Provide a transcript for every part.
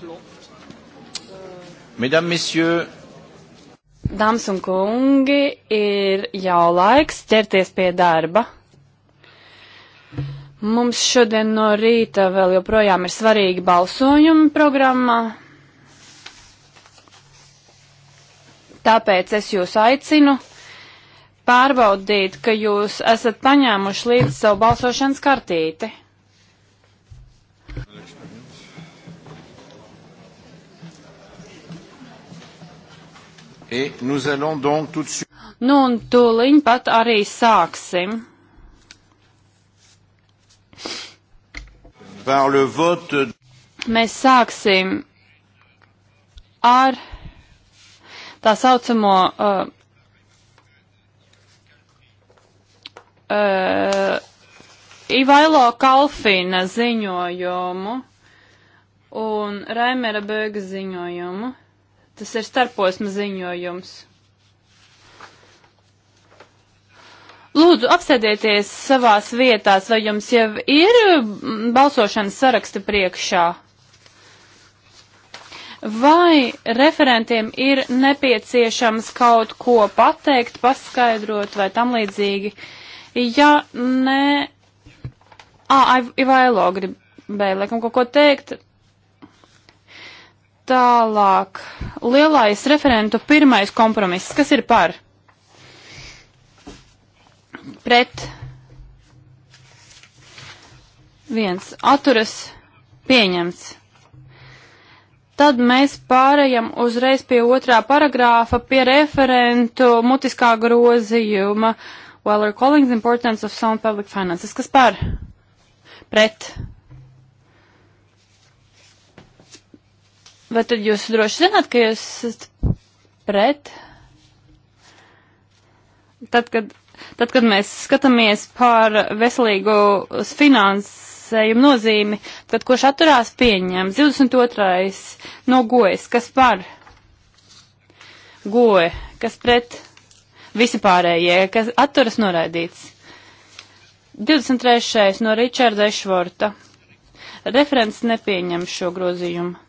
klopt. Mesdames, messieurs. Dāmas un kungi, ir jau laiks ķerties pie darba. Mums šodien no rīta vēl joprojām ir svarīgi balsojumi programmā. Tāpēc es jūs aicinu pārbaudīt, ka jūs esat paņēmuši līdz savu balsošanas kartīti. Nu, un tūliņ pat arī sāksim. Vote... Mēs sāksim ar tā saucamo uh, uh, Ivailo Kalfina ziņojumu un Raimera Bēga ziņojumu. Tas ir starposma ziņojums. Lūdzu, apsēdieties savās vietās, vai jums jau ir mm, balsošanas saraksta priekšā? Vai referentiem ir nepieciešams kaut ko pateikt, paskaidrot vai tam līdzīgi? Ja nē, ā, Ivailo gribēja laikam kaut ko teikt, Tālāk, lielais referentu pirmais kompromiss, kas ir par? Pret viens atturas pieņemts. Tad mēs pārējam uzreiz pie otrā paragrāfa, pie referentu mutiskā grozījuma Weller Collings Importance of Sound Public Finances. Kas par? Pret Vai tad jūs droši zināt, ka jūs esat pret? Tad, kad, tad, kad mēs skatāmies par veselīgu finansējumu nozīmi, tad kurš atturās pieņem? 22. no gojas, kas par? Goja, kas pret? Visi pārējie, kas atturas noraidīts. 23. no Ričarda Ešvorta. Referents nepieņem šo grozījumu.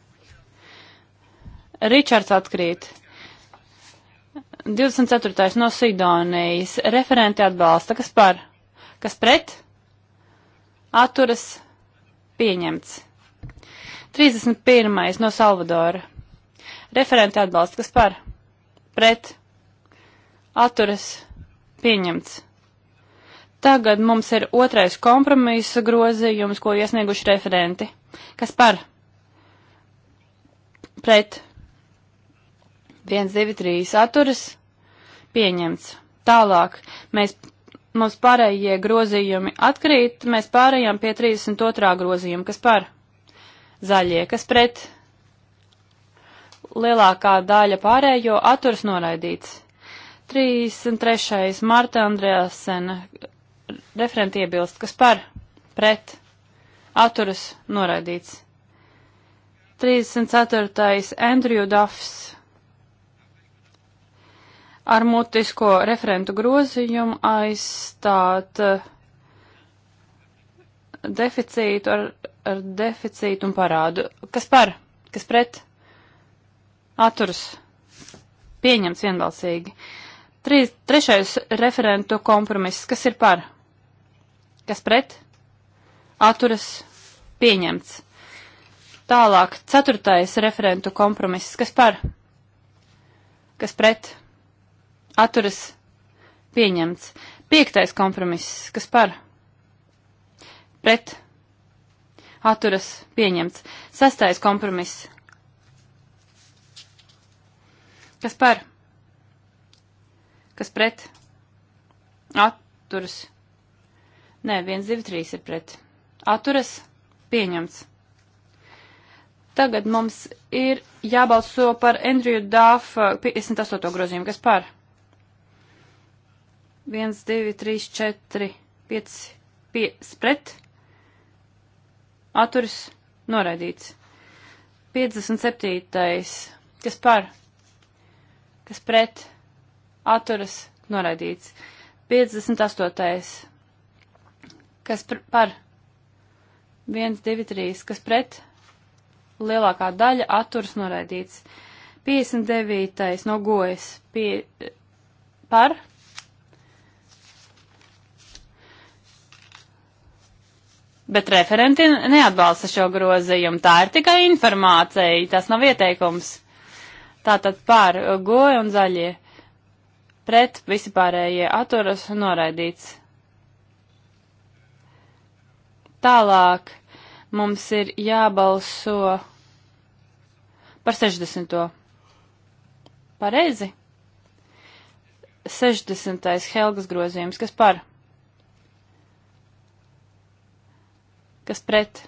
Ričards atkrīt. 24. no Sidonijas. Referenti atbalsta. Kas par? Kas pret? Atturas pieņemts. 31. no Salvadora. Referenti atbalsta. Kas par? Pret? Atturas pieņemts. Tagad mums ir otrais kompromisa grozījums, ko iesnieguši referenti. Kas par? Pret. 1, 2, 3 atturas pieņemts. Tālāk mēs, mums pārējie grozījumi atkrīt, mēs pārējām pie 32. grozījuma, kas par zaļie, kas pret lielākā daļa pārējo atturas noraidīts. 33. Marta Andreasena referenti iebilst, kas par pret atturas noraidīts. 34. Andrew Duffs ar mutisko referentu grozījumu aizstāt eh, deficītu ar, ar deficītu un parādu. Kas par? Kas pret? Aturs. Pieņemts vienbalsīgi. Trīs, trešais referentu kompromiss. Kas ir par? Kas pret? Atturas. Pieņemts. Tālāk, ceturtais referentu kompromiss. Kas par? Kas pret? atturas pieņemts. Piektais kompromiss, kas par pret atturas pieņemts. Sastais kompromiss, kas par kas pret atturas. Nē, 1, 2, 3 ir pret. Atturas pieņemts. Tagad mums ir jābalso par Andriju Dāfa 58. grozījumu, kas par 1, 2, 3, 4, 5, 5 pret, atturis noraidīts. 57. kas par, kas pret, atturas noraidīts. 58. kas par, par 1, 2, 3, kas pret, lielākā daļa atturas noraidīts. 59. no gojas pie, par Bet referenti neatbalsta šo grozījumu. Tā ir tikai informācija, tas nav ieteikums. Tātad pār goja un zaļie. Pret visi pārējie atturas noraidīts. Tālāk mums ir jābalso par 60. Pareizi? 60. Helgas grozījums, kas par? kas pret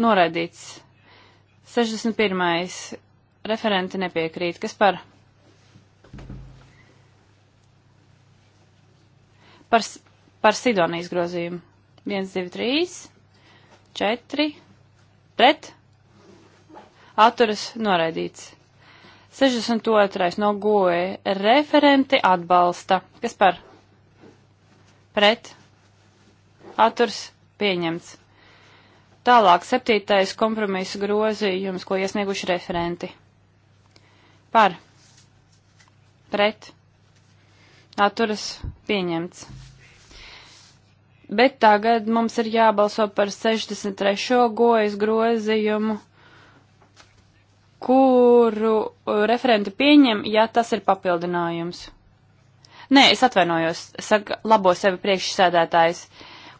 noraidīts. 61. referenti nepiekrīt. Kas par? Par, par Sidonijas grozījumu. 1, 2, 3, 4, pret, atturas noraidīts. 62. no goja referenti atbalsta. Kas par? pret, atturs pieņemts. Tālāk septītais kompromisa grozījums, ko iesnieguši referenti. Par, pret, atturas pieņemts. Bet tagad mums ir jābalso par 63. gojas grozījumu, kuru referenti pieņem, ja tas ir papildinājums. Nē, es atvainojos, saka, labo sevi priekšsēdētājs,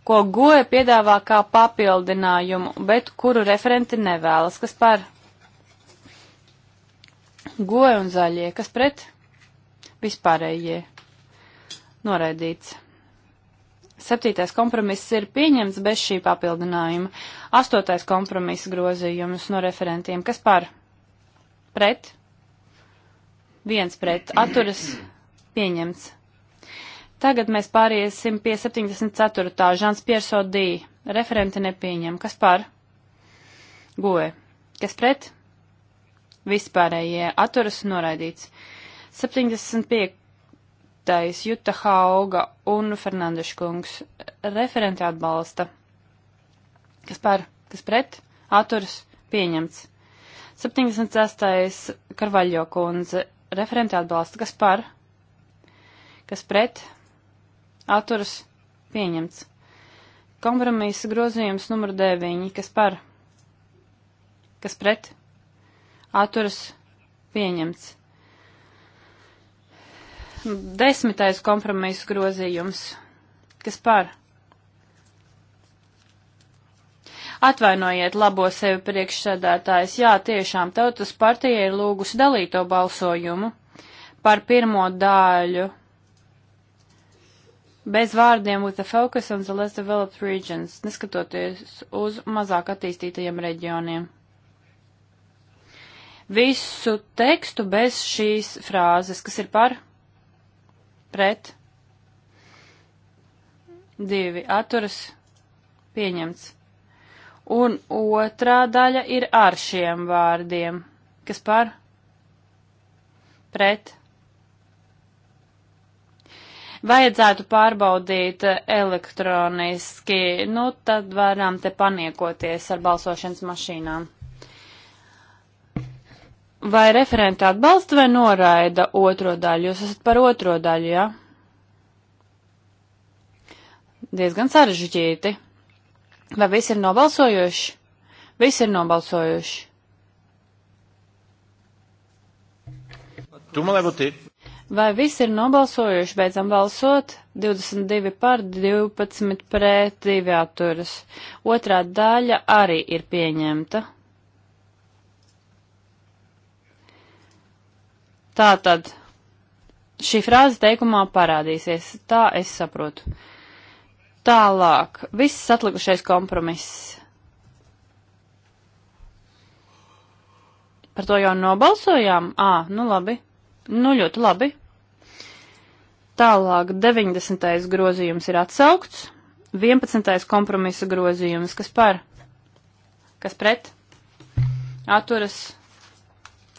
ko goja piedāvā kā papildinājumu, bet kuru referenti nevēlas. Kas par? Goja un zaļie, kas pret? Vispārējie. Noraidīts. Septītais kompromiss ir pieņemts bez šī papildinājuma. Astotais kompromiss grozījums no referentiem. Kas par? Pret? Viens pret. Atturas pieņemts. Tagad mēs pāriesim pie 74. Žans Pierso D. Referenti nepieņem. Kas par? Goe. Kas pret? Vispārējie. Atturas noraidīts. 75. Juta Hauga un Fernandeša kungs. Referenti atbalsta. Kas par? Kas pret? Atturas pieņemts. 76. Karvaļo kundze. Referenti atbalsta. Kas par? Kas pret? atturas pieņemts. Kompromisa grozījums numur 9, kas par, kas pret, atturas pieņemts. Desmitais kompromisa grozījums, kas par. Atvainojiet labo sevi priekšsēdētājs, jā, tiešām tautas partija ir lūgusi dalīto balsojumu par pirmo daļu bez vārdiem with a focus on the less developed regions, neskatoties uz mazāk attīstītajiem reģioniem. Visu tekstu bez šīs frāzes, kas ir par, pret, divi atturas, pieņemts. Un otrā daļa ir ar šiem vārdiem, kas par, pret, vajadzētu pārbaudīt eh, elektroniski, nu tad varam te paniekoties ar balsošanas mašīnām. Vai referenti atbalsta vai noraida otro daļu? Jūs esat par otro daļu, jā? Ja? Diezgan sarežģīti. Vai visi ir nobalsojuši? Visi ir nobalsojuši. Tu man liekas, Vai visi ir nobalsojuši? Beidzam balsot. 22 par, 12 pret, 2 atturas. Otrā daļa arī ir pieņemta. Tātad šī frāze teikumā parādīsies. Tā es saprotu. Tālāk. Viss atlikušais kompromiss. Par to jau nobalsojām? Ā, nu labi. Nu ļoti labi. Tālāk 90. grozījums ir atsaukts, 11. kompromisa grozījums, kas par, kas pret, atturas,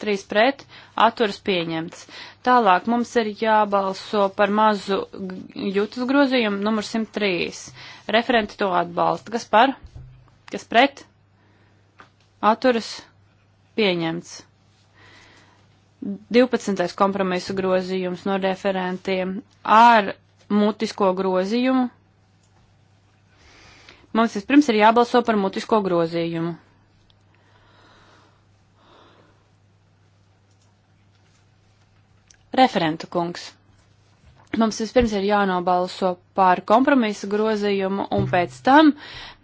3 pret, atturas pieņemts. Tālāk mums ir jābalso par mazu jūtas grozījumu numur 103. Referenti to atbalsta. Kas par, kas pret, atturas, pieņemts. 12. kompromisu grozījums no referentiem ar mutisko grozījumu. Mums vispirms ir jābalso par mutisko grozījumu. Referentu kungs. Mums vispirms ir jānobalso par kompromisa grozījumu, un pēc tam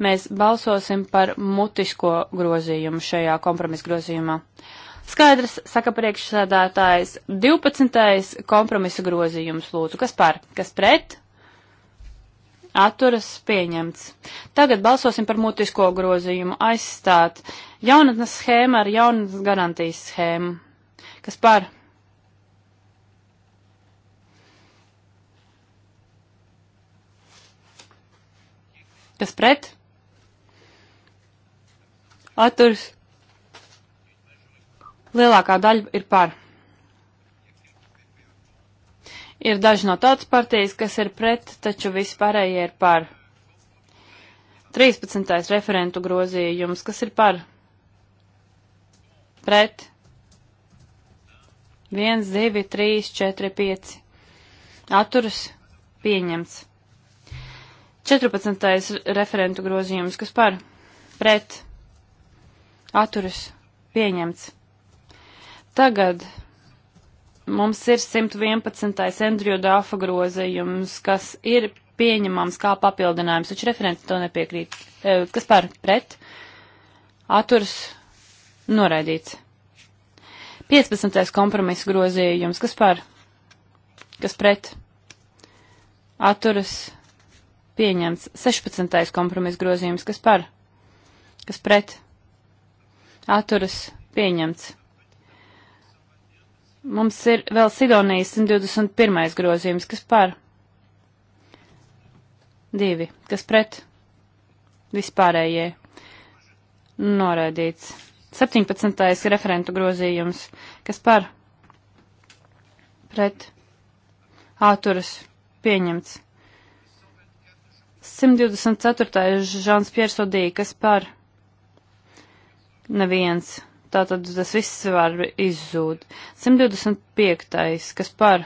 mēs balsosim par mutisko grozījumu šajā kompromisa grozījumā. Uh, Skaidrs, saka priekšsēdētājs, 12. kompromisa grozījums lūdzu. Kas par? Kas pret? Atturas pieņemts. Tagad balsosim par mutisko grozījumu. Aizstāt jaunatnes schēma ar jaunatnes garantijas schēmu. Kas par? Kas pret? Atturs Lielākā daļa ir par. Ir daži no tautas partijas, kas ir pret, taču visi pārējie ir par. 13. referentu grozījums, kas ir par? Pret. 1, 2, 3, 4, 5. Atturas pieņemts. 14. referentu grozījums, kas par? Pret. Atturas pieņemts. Tagad mums ir 111. Andriju Dāfa grozījums, kas ir pieņemams kā papildinājums, taču referents to nepiekrīt. E, kas par pret? Aturs noraidīts. 15. kompromisa grozījums, kas par? Kas pret? Atturas pieņemts. 16. kompromisa grozījums, kas par? Kas pret? Atturas pieņemts. Mums ir vēl Sidonijas 121. grozījums, kas par. Divi, kas pret. Vispārējie. Noraidīts. 17. referentu grozījums, kas par. Pret. Āturas. Pieņemts. 124. Žāns Piersodī, kas par. Neviens Tātad tas viss var izzūd. 125. kas par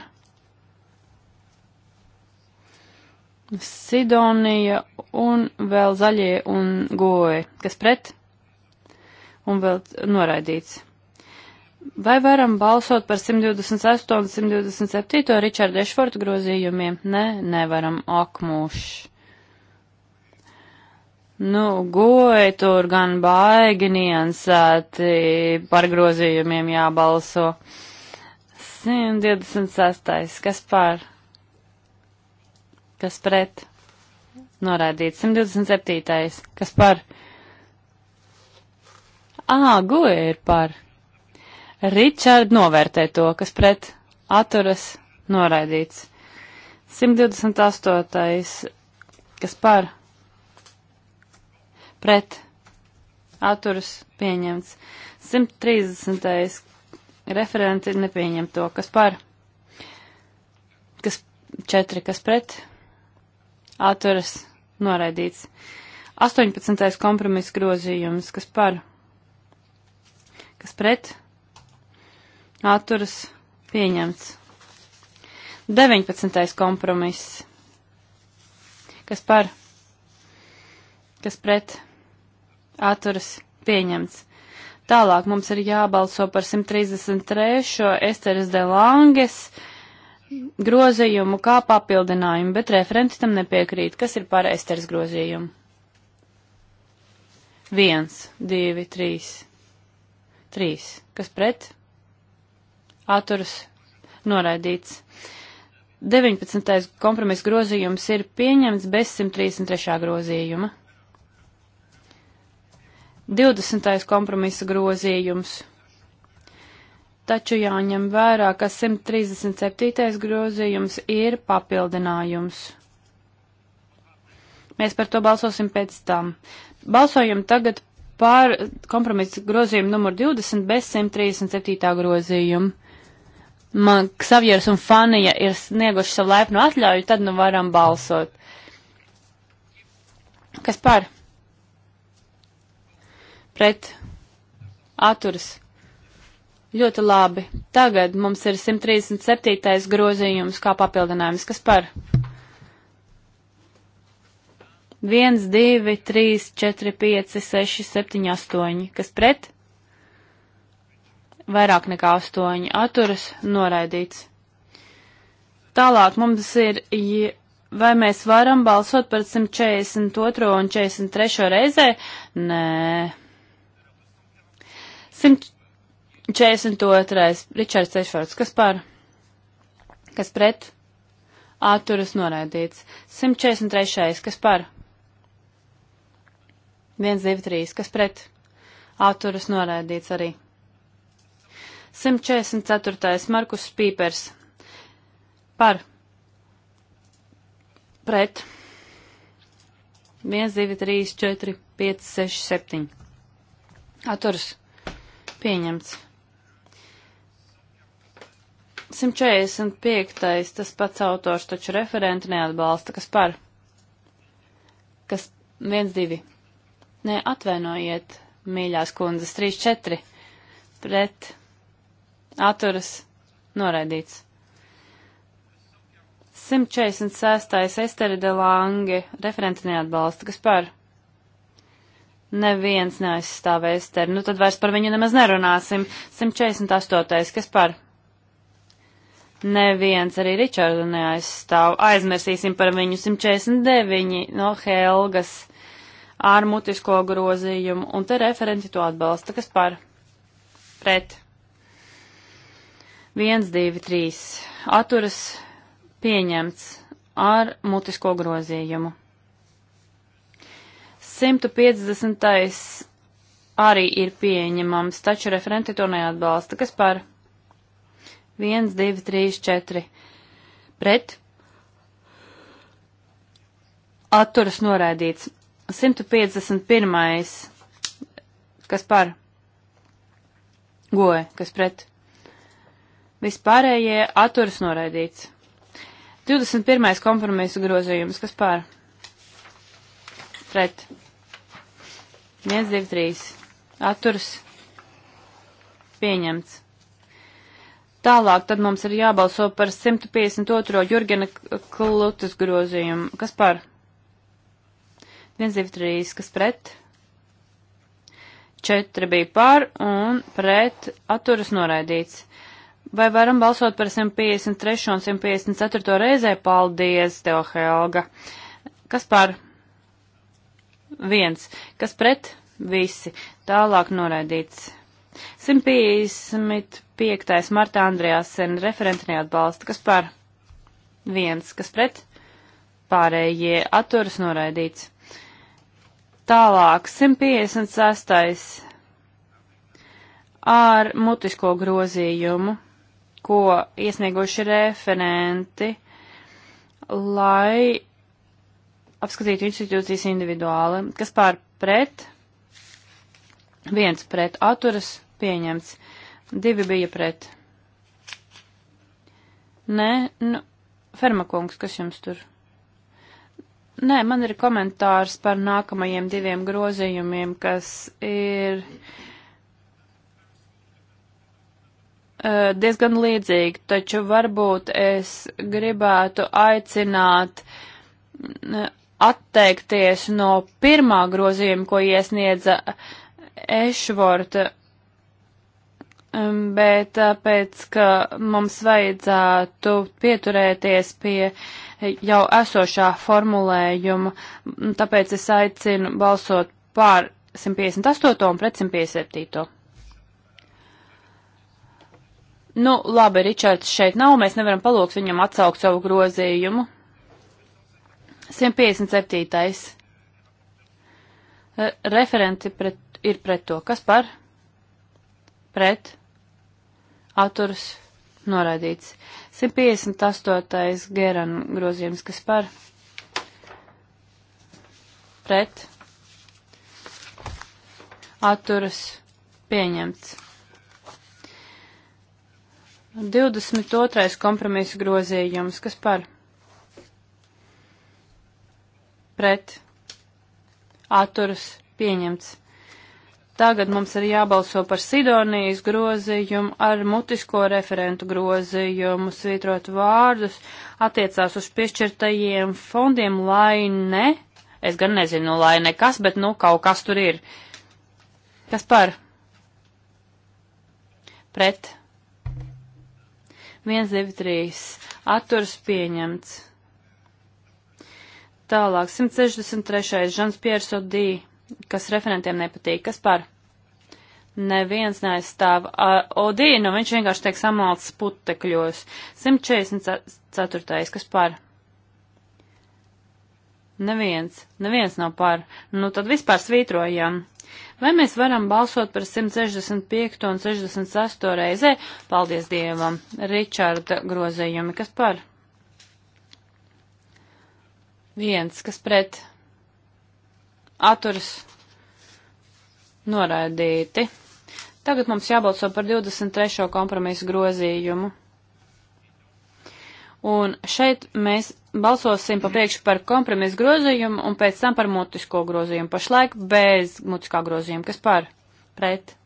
Sidonija un vēl zaļie un goji, kas pret un vēl noraidīts. Vai varam balsot par 128 un 127 Richardu Ešfortu grozījumiem? Nē, ne, nevaram. Akmūšs. Nu, goji tur gan baigi niansēti par grozījumiem jābalso. 126. Kas par? Kas pret? Norādīts. 127. Kas par? Ā, goji ir par. Ričard novērtē to, kas pret atturas noraidīts. 128. Kas par? pret atturas pieņemts. 130. referenti nepieņem to, kas par, kas 4, kas pret atturas noraidīts. 18. kompromiss grozījums, kas par, kas pret atturas pieņemts. 19. kompromiss, kas par, kas pret atturas atturas pieņemts. Tālāk mums ir jābalso par 133. Esteres de Langes grozījumu kā papildinājumu, bet referents tam nepiekrīt. Kas ir par Esteres grozījumu? 1, 2, 3, 3. Kas pret? Atturas noraidīts. 19. kompromisa grozījums ir pieņemts bez 133. grozījuma. 20. kompromisa grozījums. Taču jāņem vērā, ka 137. grozījums ir papildinājums. Mēs par to balsosim pēc tam. Balsojam tagad par kompromisa grozījumu numur 20 bez 137. grozījumu. Man Ksavjers un Fanija ir snieguši savu laipnu atļauju, tad nu varam balsot. Kas par? pret atturas. Ļoti labi. Tagad mums ir 137. grozījums kā papildinājums. Kas par? 1, 2, 3, 4, 5, 6, 7, 8. Kas pret? Vairāk nekā 8. Atturas noraidīts. Tālāk mums ir vai mēs varam balsot par 142 un 43 reizē? Nē. 142. Ričards Ešvards, kas par? Kas pret? Āturas noraidīts. 143. Kas par? 1, 2, 3. Kas pret? Āturas noraidīts arī. 144. Markus Pīpers. Par. Pret. 1, 2, 3, 4, 5, 6, 7. Aturs Pieņemts. 145. tas pats autors, taču referenti neatbalsta. Kas par? Kas 1, 2? Nē, atvainojiet, mīļās kundzes, 3, 4. Pret. Atturas. Noraidīts. 146. Estere de Lange. Referenti neatbalsta. Kas par? neviens neaizstāv Esteru. Nu tad vairs par viņu nemaz nerunāsim. 148. kas par? Neviens arī Ričardu neaizstāv. Aizmirsīsim par viņu 149 no Helgas ar mutisko grozījumu. Un te referenti to atbalsta. Kas par? Pret. 1, 2, 3. Aturas pieņemts ar mutisko grozījumu. 150. arī ir pieņemams, taču referenti to neatbalsta. Kas par? 1, 2, 3, 4. Pret. Atturas noraidīts. 151. Kas par? Goja, kas pret? Vispārējie atturas noraidīts. 21. kompromisu grozījums, kas pār? Pret. 1, 2, 3. Atturs pieņemts. Tālāk tad mums ir jābalso par 152. Jurgena Klutas grozījumu. Kas par? 1, 2, 3. Kas pret? 4 bija par un pret atturas noraidīts. Vai varam balsot par 153 un 154 reizē? Paldies, tev, Helga. Kas par? viens, kas pret visi, tālāk noraidīts. 155. martā Andrejāsen referenti neatbalsta, kas par viens, kas pret pārējie atturas noraidīts. Tālāk 156. ar mutisko grozījumu, ko iesnieguši referenti, lai apskatīt institūcijas individuāli. Kas pār pret? Viens pret atturas pieņemts. Divi bija pret. Nē, nu, Fermakungs, kas jums tur? Nē, man ir komentārs par nākamajiem diviem grozījumiem, kas ir e, diezgan līdzīgi, taču varbūt es gribētu aicināt atteikties no pirmā grozījuma, ko iesniedza Ešvorta, um, bet tāpēc, uh, ka mums vajadzētu pieturēties pie jau esošā formulējuma, tāpēc es aicinu balsot pār 158 un pret 157. Nu, labi, Ričards šeit nav, mēs nevaram palūgt viņam atsaukt savu grozījumu. 157. Referenti pret, ir pret to. Kas par? Pret. Atturs noraidīts. 158. Geran grozījums. Kas par? Pret. Atturs pieņemts. 22. kompromisa grozījums. Kas par? pret atturas pieņemts. Tagad mums ir jābalso par Sidonijas grozījumu ar mutisko referentu grozījumu, svītrot vārdus, attiecās uz piešķirtajiem fondiem, lai ne, es gan nezinu, nu, lai nekas, bet nu kaut kas tur ir. Kas par? Pret. 1, 2, 3. Atturs pieņemts. Tālāk, 163. Žans Piers Odī, kas referentiem nepatīk. Kas par? Neviens neaizstāv Odī, nu viņš vienkārši tiek samalts putekļos. 144. Kas par? Neviens, neviens nav par. Nu tad vispār svītrojam. Vai mēs varam balsot par 165 un 68 reizē? Paldies Dievam. Ričarda grozējumi, kas par? Viens, kas pret atturas noraidīti. Tagad mums jābalso par 23. kompromisu grozījumu. Un šeit mēs balsosim pa priekšu par kompromisu grozījumu un pēc tam par mutisko grozījumu. Pašlaik bez mutiskā grozījuma. Kas par? Pret.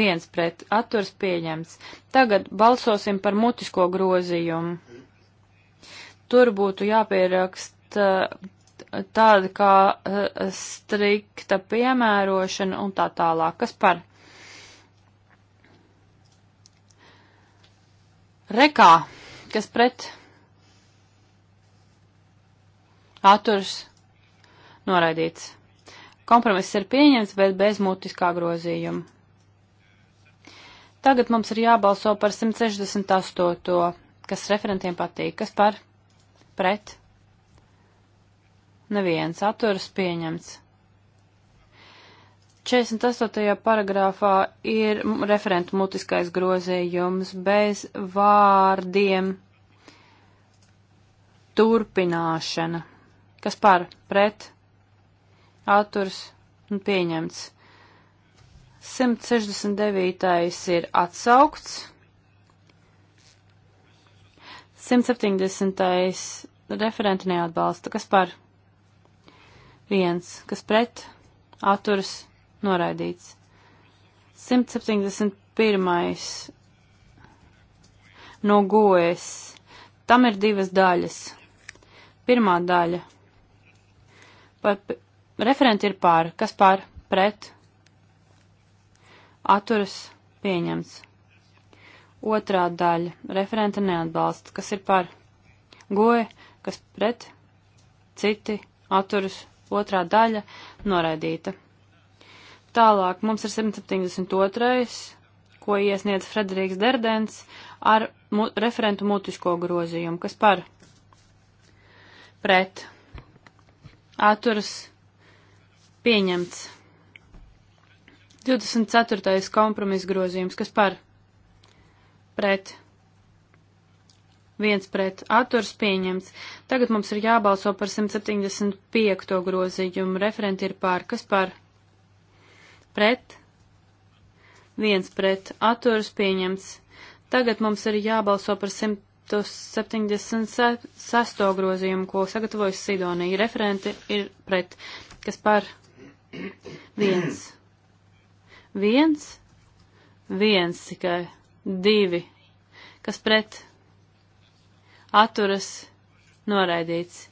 Viens pret. Atturs pieņemts. Tagad balsosim par mutisko grozījumu tur būtu jāpieraksta eh, tāda kā eh, strikta piemērošana un tā tālāk. Kas par? Rekā, kas pret atturs noraidīts. Kompromiss ir pieņemts, bet bez mutiskā grozījuma. Tagad mums ir jābalso par 168. kas referentiem patīk. Kas par? pret, neviens atturas pieņemts. 48. paragrāfā ir referentu mutiskais grozījums bez vārdiem turpināšana, kas par pret atturs un pieņemts. 169. ir atsaukts. 170. referenti neatbalsta. Kas par? Viens. Kas pret? Atturas noraidīts. 171. No gojas. Tam ir divas daļas. Pirmā daļa. Par, referenti ir pār. Kas pār? Pret? Atturas pieņemts. Otrā daļa. Referenta neatbalsta. Kas ir par? Goja. Kas pret? Citi. Atturas. Otrā daļa. Noraidīta. Tālāk mums ir 172. ko iesniedz Frederiks Derdens ar mu referentu mutisko grozījumu. Kas par? Pret. Atturas. Pieņemts. 24. kompromiss grozījums, kas par pret viens pret atturs pieņemts. Tagad mums ir jābalso par 175. grozījumu. Referenti ir pār. Kas par? Pret? Viens pret atturs pieņemts. Tagad mums ir jābalso par 176. grozījumu, ko sagatavojas Sidonija. Referenti ir pret. Kas par? Viens. Viens? Viens tikai. 2, kas pret atturas noraidīts.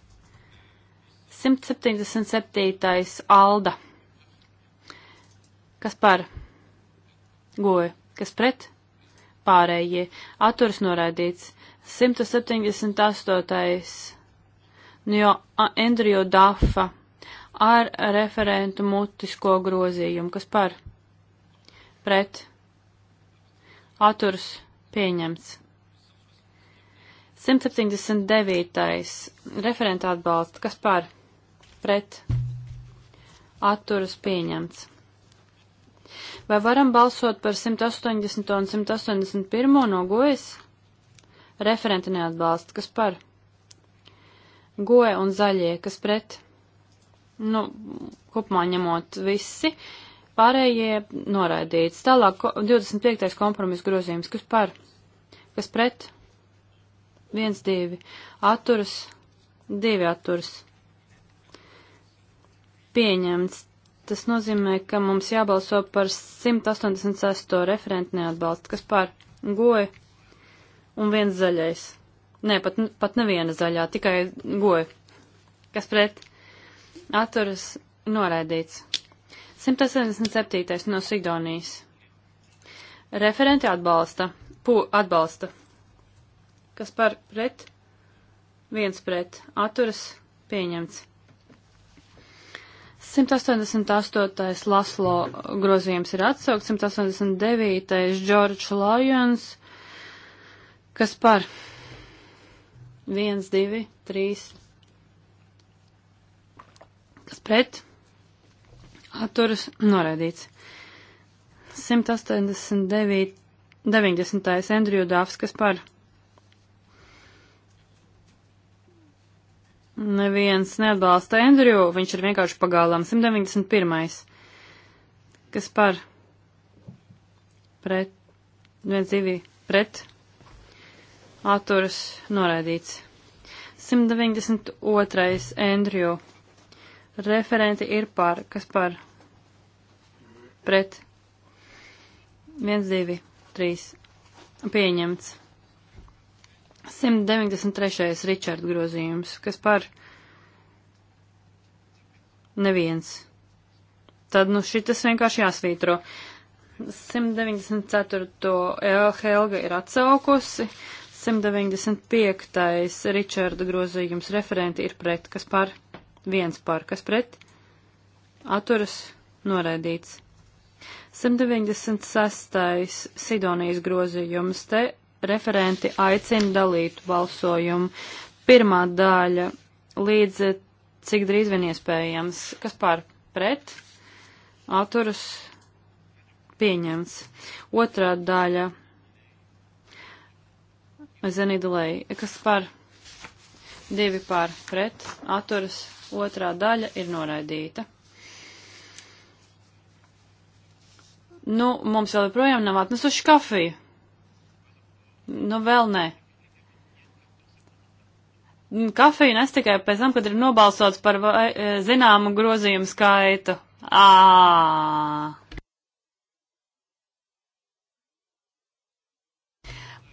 177. Alda, kas par goja, kas pret pārējie, atturas noraidīts. 178. Jo Andriju Dafa ar referentu mutisko grozījumu, kas par pret atturs pieņemts. 179. referenta atbalsts, kas par pret atturas pieņemts. Vai varam balsot par 180 un 181 no gojas? Referenti neatbalsta, kas par? Goja un zaļie, kas pret? Nu, kopumā ņemot visi, Pārējie noraidīts. Tālāk 25. kompromiss grozījums. Kas par? Kas pret? 1, 2. Atturas. 2 atturas. Pieņemts. Tas nozīmē, ka mums jābalso par 186. referentu neatbalstu. Kas par? Goja. Un viens zaļais. Nē, pat, pat neviena zaļā, tikai goja. Kas pret? Atturas. Noraidīts. 177. no Sidonijas. Referenti atbalsta. Pū atbalsta. Kas par pret? Viens pret. Atturas pieņemts. 188. Laslo grozījums ir atsaukt, 189. George Lyons, kas par 1, 2, 3, kas pret atturas noraidīts. 189. 90. Endriju Dāvskas par. Neviens neatbalsta Endriju, viņš ir vienkārši pagālām. 191. Kas par? Pret. 1, 2, pret. Atturas noraidīts. 192. Endriju Referenti ir par, kas par? Pret. 1, 2, 3. Pieņemts. 193. Ričard grozījums, kas par? Neviens. Tad, nu, šitas vienkārši jāsvītro. 194. Helga ir atsaukusi, 195. Ričarda grozījums referenti ir pret, kas par? viens par, kas pret, atturas noraidīts. 196. Sidonijas grozījums te referenti aicina dalīt balsojumu. Pirmā daļa līdz cik drīz vien iespējams, kas pār pret, atturas pieņemts. Otrā daļa Zenidulei, kas par divi pār pret, atturas, otrā daļa ir noraidīta. Nu, mums vēl joprojām nav atnesuši kafiju. Nu, vēl nē. Kafiju nes tikai pēc tam, kad ir nobalsots par vai, e, zināmu grozījumu skaitu. Ā!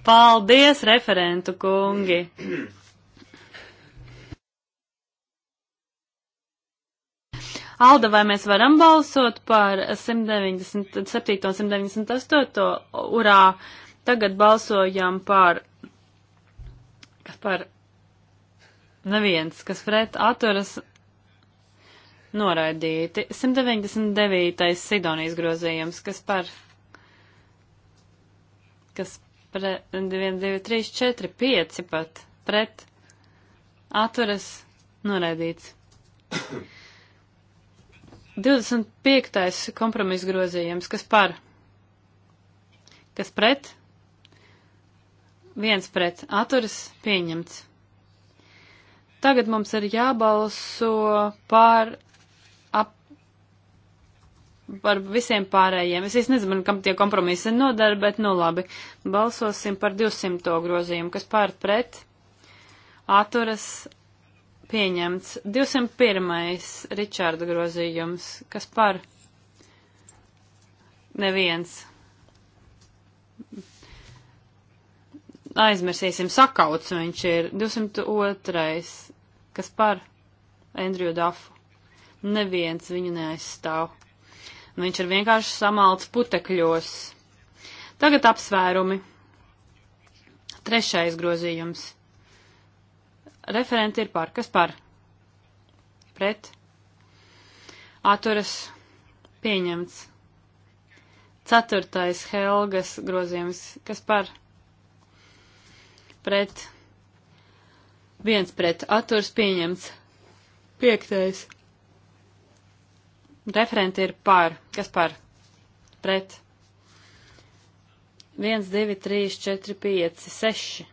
Paldies, referentu kungi! Alda, vai mēs varam balsot par 197. un 198. urā? Tagad balsojam par, kas par neviens, kas pret atturas noraidīti. 199. Sidonijas grozījums, kas par, kas pret 1, 2, 3, 4, 5 pat pret atturas noraidīts. 25. kompromis grozījums, kas par, kas pret, viens pret, atturas pieņemts. Tagad mums ir jābalso par, ap, par visiem pārējiem. Es īsti nezinu, kam tie kompromisi nodara, bet nu labi. Balsosim par 200. grozījumu, kas pār pret, atturas Pieņemts. 201. Ričārda grozījums. Kas par? Neviens. Aizmirsīsim sakauts, viņš ir 202. Kas par? Andriju Dafu. Neviens viņu neaizstāv. Nu, viņš ir vienkārši samalts putekļos. Tagad apsvērumi. Trešais grozījums Referenti ir par. Kas par? Pret. Atturas pieņemts. Ceturtais Helgas grozījums. Kas par? Pret. Viens pret. Atturs pieņemts. Piektais. Referenti ir par. Kas par? Pret. 1, 2, 3, 4, 5, 6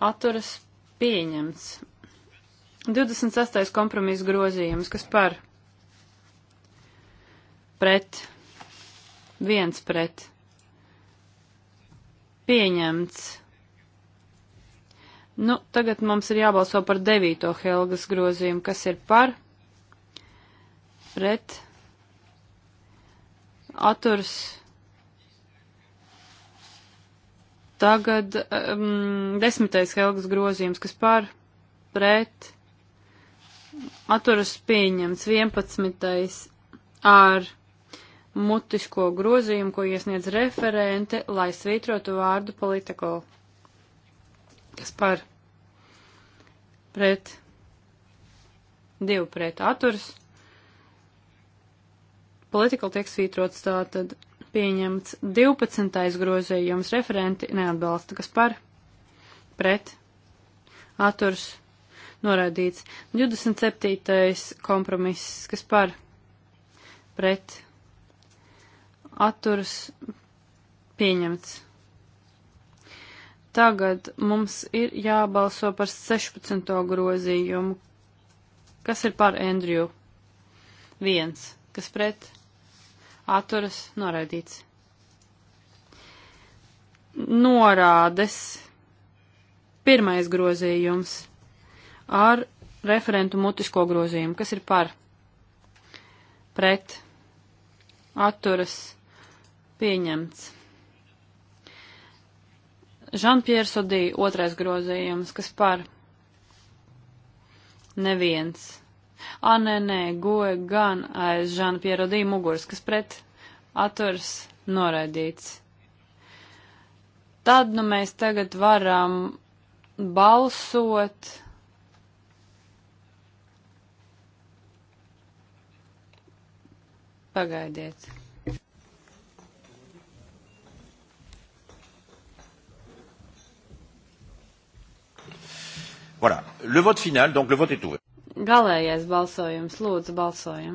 atturas pieņemts. 26. kompromiss grozījums, kas par pret, viens pret, pieņemts. Nu, tagad mums ir jābalso par devīto Helgas grozījumu, kas ir par, pret, aturs, Tagad um, desmitais Helgas grozījums, kas par pret atturas pieņemts 11. ar mutisko grozījumu, ko iesniedz referente, lai svītrotu vārdu politiko. Kas par pret divu pret atturas. Political tiek svītrots tātad pieņemts 12. grozījums referenti neatbalsta, kas par pret atturs noraidīts 27. kompromiss, kas par pret atturs pieņemts. Tagad mums ir jābalso par 16. grozījumu. Kas ir par Andriju? Viens. Kas pret? atturas noraidīts. Norādes pirmais grozījums ar referentu mutisko grozījumu, kas ir par pret atturas pieņemts. Žanpjērs Odī otrais grozījums, kas par neviens A, nē, nē, goja gan aiz Žana pierodīja muguras, kas pret atturas noraidīts. Tad, nu, mēs tagad varam balsot. Pagaidiet. Voilà. Le vote final, donc le vote est ouvert. Galējais balsojums. Lūdzu, balsojam.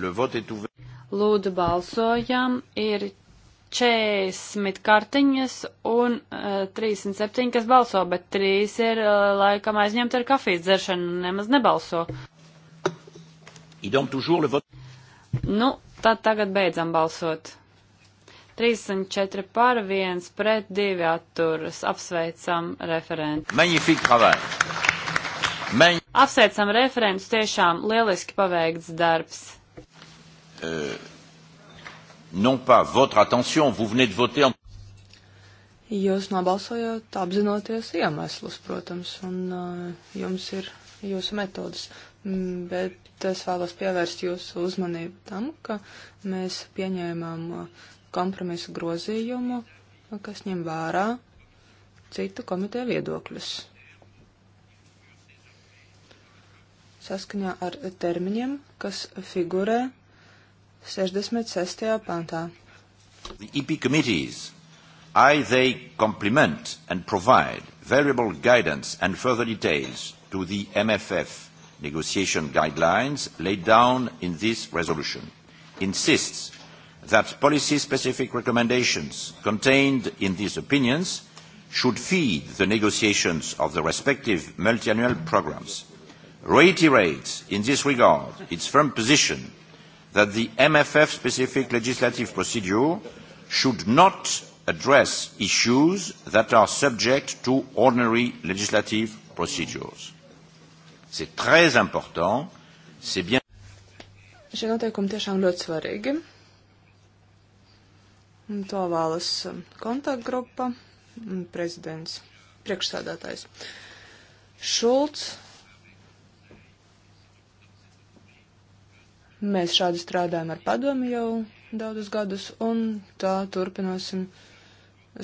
Lūdzu, balsojam. Ir 40 kartiņas un uh, eh, 37, kas balso, bet 3 ir uh, laikam aizņemti ar kafijas dzeršanu un nemaz nebalso. Nu, tad tagad beidzam balsot. 34 par 1 pret 2 atturas. Apsveicam referentu. Magnifique travail! Mēģ... Apsveicam referents, tiešām lieliski paveikts darbs. Uh, non pas votre attention, vous venez de voter en... Jūs nobalsojāt apzinoties iemeslus, protams, un uh, jums ir jūsu metodas, mm, bet es vēlos pievērst jūsu uzmanību tam, ka mēs pieņēmām uh, kompromisu grozījumu, kas ņem vērā citu komiteju viedokļus. saskaņā ar termiņiem, kas figurē 66. pantā. The EP committees, I they complement and provide variable guidance and further details to the MFF negotiation guidelines laid down in this resolution, insists that policy-specific recommendations contained in these opinions should feed the negotiations of the respective multiannual programs reiterates in this regard its firm position that the MFF-specific legislative procedure should not address issues that are subject to ordinary legislative procedures. C'est très important, c'est bien. Šie noteikumi tiešām ļoti svarīgi. Un to vēlas um, kontaktgrupa un prezidents, priekšsādātājs. Šulcs Mēs šādi strādājam ar padomu jau daudzus gadus, un tā turpināsim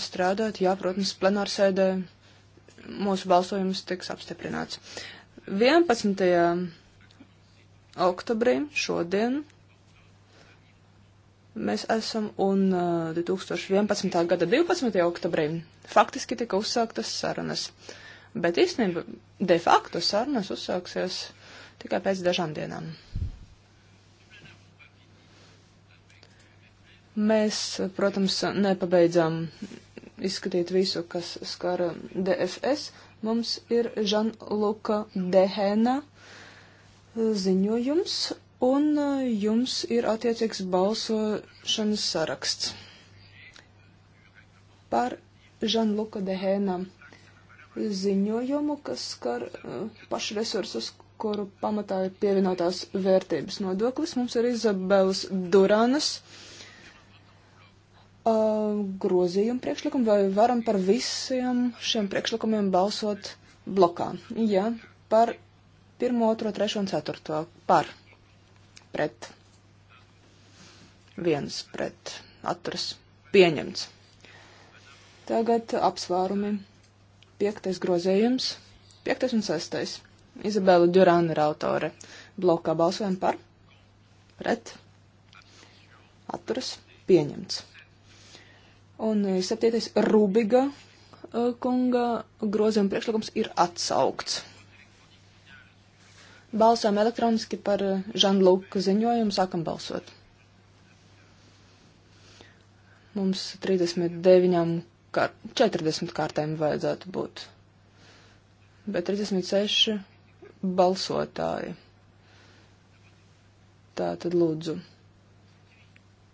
strādāt. Jā, protams, plenārsēdē mūsu balsojums tiks apstiprināts. 11. oktobrī šodien mēs esam un 2011. Uh, gada 12. oktobrī faktiski tika uzsāktas sarunas, bet īstenībā de facto sarunas uzsāksies tikai pēc dažām dienām. Mēs, protams, nepabeidzām izskatīt visu, kas skara DFS. Mums ir Žanluka Dehēna ziņojums, un jums ir attiecīgs balsošanas saraksts. Par Žanluka Dehēna ziņojumu, kas skar eh, pašu resursus, kuru pamatā ir pievienotās vērtības nodoklis, mums ir Izabelas Duranas ziņojums Uh, grozījumu priekšlikumu, vai varam par visiem šiem priekšlikumiem balsot blokā? Jā, par 1, 2, 3 un 4. Par. Pret. Viens pret. Atturas. Pieņemts. Tagad apsvērumi. Piektais grozījums. Piektais un sestais. Izabela Durāna ir autore. Blokā balsojam par. Pret. Atturas. Pieņemts. Un eh, septītais Rubiga eh, kunga grozījuma priekšlikums ir atsaukts. Balsām elektroniski par Žanluka eh, ziņojumu, sākam balsot. Mums 39, kār 40 kārtēm vajadzētu būt, bet 36 balsotāji. Tā tad lūdzu.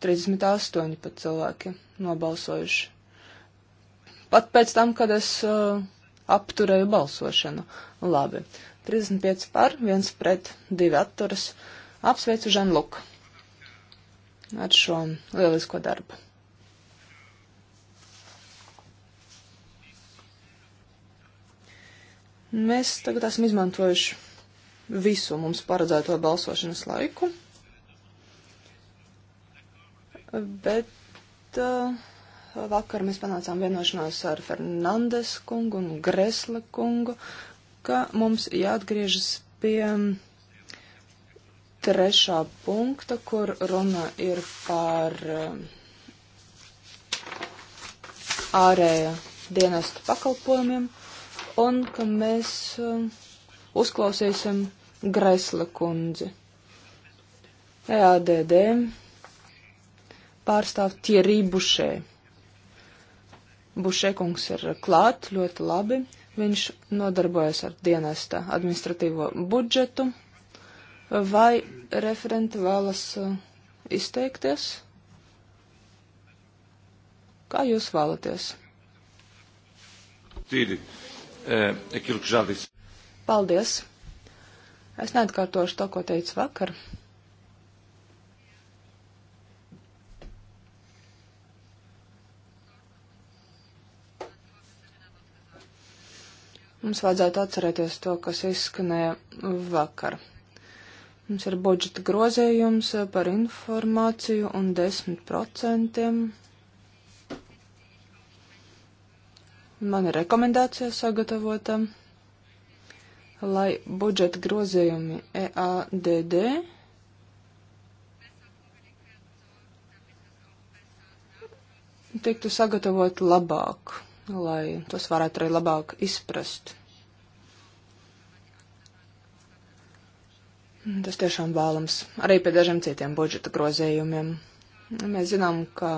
38 pat cilvēki nobalsojuši. Pat pēc tam, kad es uh, apturēju balsošanu. Labi. 35 par, 1 pret, 2 atturas. Apsveicu Žanluku ar šo lielisko darbu. Mēs tagad esam izmantojuši visu mums paredzēto balsošanas laiku. Bet uh, vakar mēs panācām vienošanos ar Fernandes kungu un Gresla kungu, ka mums jāatgriežas pie trešā punkta, kur runa ir par um, ārēja dienesta pakalpojumiem un ka mēs um, uzklausīsim Gresla kundzi. EADD pārstāv Tierī Bušē. Bušē kungs ir klāt ļoti labi. Viņš nodarbojas ar dienesta administratīvo budžetu. Vai referenti vēlas uh, izteikties? Kā jūs vēlaties? Tīri, eh, Paldies. Es neatkārtošu to, ko teicu vakar. Mums vajadzētu atcerēties to, kas izskanēja vakar. Mums ir budžeta grozējums par informāciju un 10%. Man ir rekomendācija sagatavota, lai budžeta grozējumi EADD tiktu sagatavot labāk lai tos varētu arī labāk izprast. Tas tiešām vēlams arī pie dažiem citiem budžeta grozējumiem. Mēs zinām, ka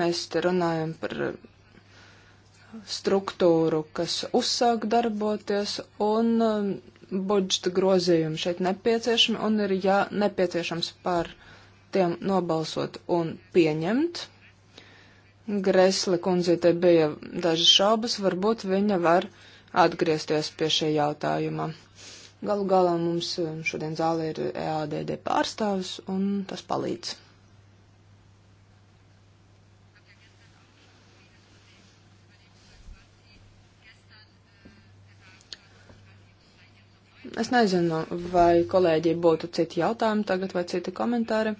mēs te runājam par struktūru, kas uzsāk darboties, un um, budžeta grozījumi šeit nepieciešami, un ir, ja nepieciešams, par tiem nobalsot un pieņemt Gresle kundzei te bija dažas šaubas, varbūt viņa var atgriezties pie šī jautājuma. Galu galā mums um, šodien zālē ir EADD pārstāvis, un tas palīdz. Es nezinu, vai kolēģi būtu citi jautājumi tagad vai citi komentāri.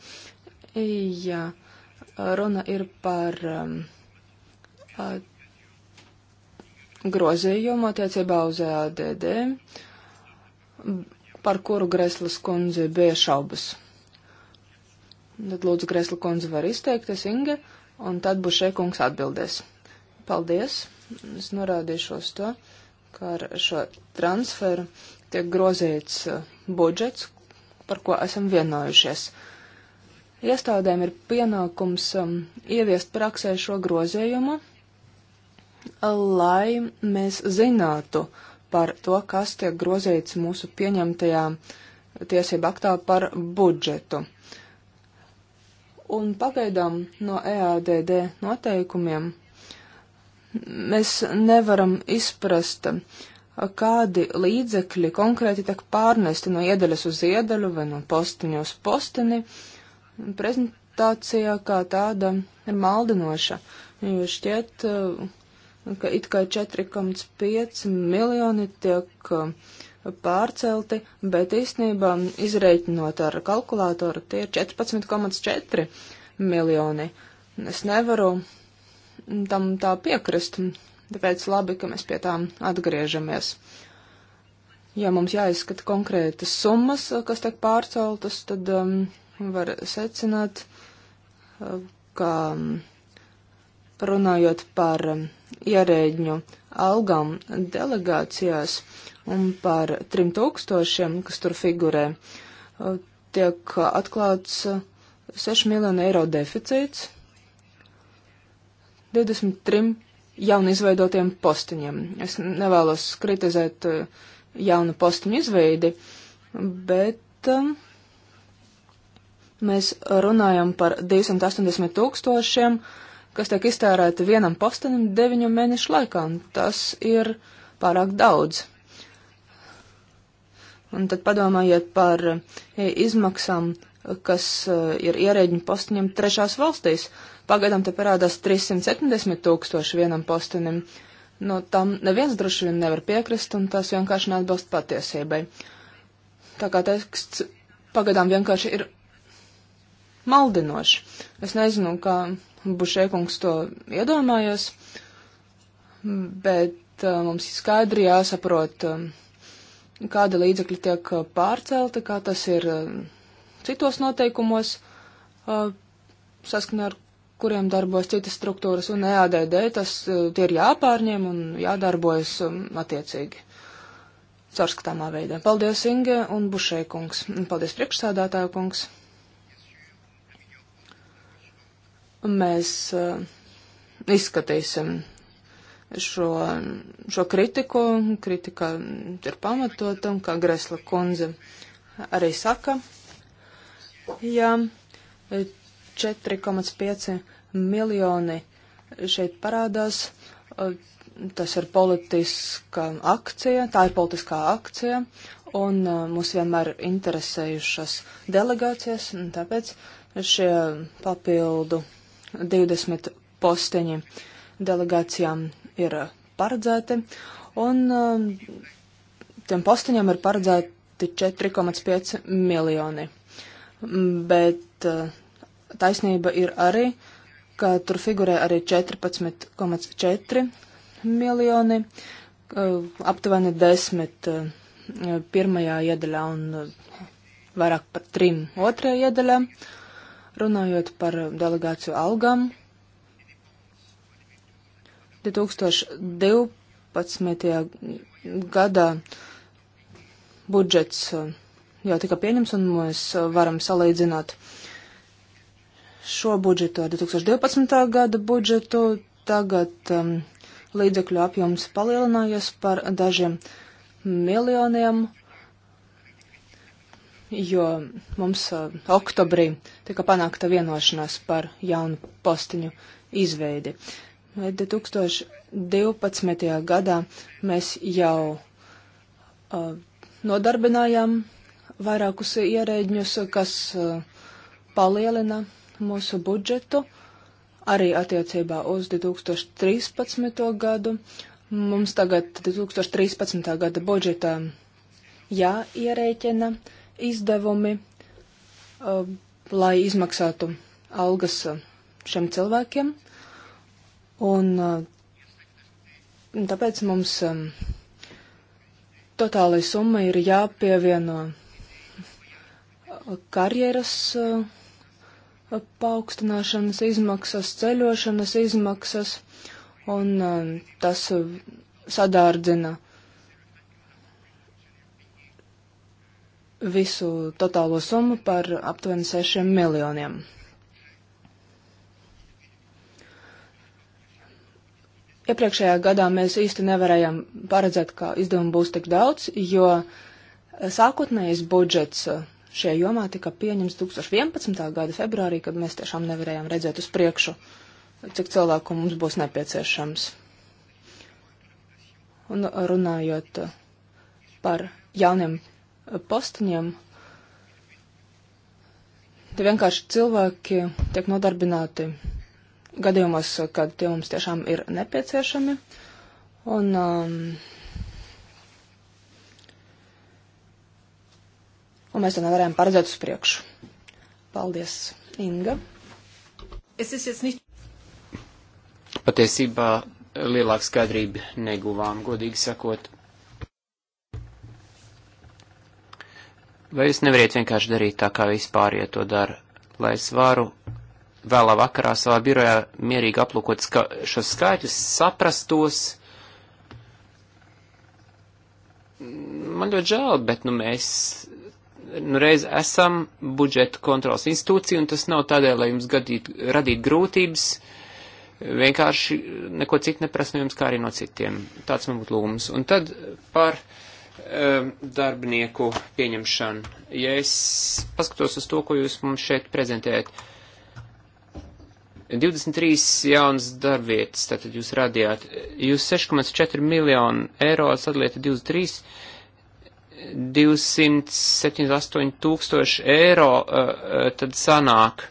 Jā. Ja Runa ir par um, grozījumu attiecībā uz ADD, par kuru Greslas kundze bija šaubas. Tad lūdzu, Gresla kundze var izteikties, Inga, un tad būs šeit kungs atbildēs. Paldies! Es norādīšu uz to, ka ar šo transferu tiek grozīts uh, budžets, par ko esam vienojušies. Uh, Iestādēm ir pienākums um, ieviest praksē šo grozījumu, lai mēs zinātu par to, kas tiek grozīts mūsu pieņemtajā tiesība aktā par budžetu. Un pagaidām no EADD noteikumiem mēs nevaram izprast, kādi līdzekļi konkrēti tiek pārnesti no iedaļas uz iedaļu vai no postiņa uz posteni. Uh, prezentācijā kā tāda ir maldinoša, jo šķiet, eh, ka it kā 4,5 miljoni tiek eh, pārcelti, bet īstenībā izreikinot ar kalkulātoru tie ir 14,4 miljoni. Es nevaru tam tā piekrist, tāpēc labi, ka mēs pie tām atgriežamies. Ja mums jāizskata konkrētas summas, kas tiek pārceltas, tad um, var secināt, ka mm, runājot par mm, ierēģņu algām delegācijās un par trim tūkstošiem, kas tur figurē, tiek atklāts 6 mm, miljonu eiro deficīts 23 jaunu izveidotiem postiņiem. Es nevēlos kritizēt jaunu postiņu izveidi, bet um, Mēs runājam par 280 tūkstošiem, kas tiek iztērēti vienam postenim deviņu mēnešu laikā, un tas ir pārāk daudz. Un tad padomājiet par eh, izmaksām, kas eh, ir ierēģiņu posteņiem trešās valstīs. Pagaidām te parādās 370 tūkstoši vienam postenim. No tam neviens droši vien nevar piekrist, un tas vienkārši neatbilst patiesībai. Tā kā teksts pagaidām vienkārši ir maldinoši. Es nezinu, kā Bušēkungs to iedomājies, bet uh, mums skaidri jāsaprot, uh, kāda līdzekļa tiek uh, pārcelta, kā tas ir uh, citos noteikumos, uh, saskanā ar kuriem darbojas citas struktūras un EADD, tas uh, tie ir jāpārņem un jādarbojas um, attiecīgi caurskatāmā veidā. Paldies, Inge un Bušēkungs. Paldies, priekšsādātāju kungs. mēs eh, izskatīsim šo, šo kritiku. Kritika ir pamatota, un kā Gresla kundze arī saka, ja 4,5 miljoni šeit parādās, eh, tas ir politiska akcija, tā ir politiskā akcija, un eh, mūs vienmēr interesējušas delegācijas, un tāpēc šie papildu 20 posteņi delegācijām ir paredzēti, un um, tiem posteņiem ir paredzēti 4,5 miljoni. Mm, bet uh, taisnība ir arī, ka tur figurē arī 14,4 miljoni, uh, aptuveni 10 uh, pirmajā iedaļā un vairāk par 3 otrajā iedaļā. Uh, Runājot par delegāciju algām, 2012. gadā budžets uh, jau tika pieņems, un mēs uh, varam salīdzināt šo budžetu ar 2012. gada budžetu. Tagad um, līdzekļu apjoms palielinājies par dažiem miljoniem jo mums uh, oktobrī tika panākta vienošanās par jaunu postiņu izveidi. 2012. gadā mēs jau uh, nodarbinājām vairākus ierēģņus, kas uh, palielina mūsu budžetu arī attiecībā uz 2013. gadu. Mums tagad 2013. gada budžetā jāierēķina. Ja, izdevumi, uh, lai izmaksātu algas uh, šiem cilvēkiem. Un uh, tāpēc mums um, totālai summa ir jāpievieno karjeras paaugstināšanas izmaksas, ceļošanas izmaksas, un tas sadārdzina uh, visu totālo summu par aptuveni 6 miljoniem. Iepriekšējā gadā mēs īsti nevarējām paredzēt, ka izdevumu būs tik daudz, jo sākotnējais budžets šajā jomā tika pieņems 2011. gada februārī, kad mēs tiešām nevarējām redzēt uz priekšu, cik cilvēku mums būs nepieciešams. Un runājot par jauniem postiņiem. Te vienkārši cilvēki tiek nodarbināti gadījumos, kad tie mums tiešām ir nepieciešami. Un, um, un mēs to nevarējām paredzēt uz priekšu. Paldies, Inga. Es esmu nicht. Patiesībā lielāku skaidrību neguvām, godīgi sakot. Vai jūs nevariet vienkārši darīt tā, kā vispārie ja to dara, lai es varu vēlā vakarā savā birojā mierīgi aplūkot ska šos skaitļus, saprastos? Man ļoti žēl, bet nu mēs nu, reiz esam budžeta kontrolas institūcija, un tas nav tādēļ, lai jums gadīt, radīt grūtības, vienkārši neko citu neprasmu jums, kā arī no citiem. Tāds man būtu lūgums. Un tad par Um, darbinieku pieņemšanu. Ja es paskatos uz to, ko jūs mums šeit prezentējat, 23 jaunas darbvietas, tātad jūs radījāt, jūs 6,4 miljonu eiro sadaliet 23, 278 tūkstoši eiro uh, uh, tad sanāk uh,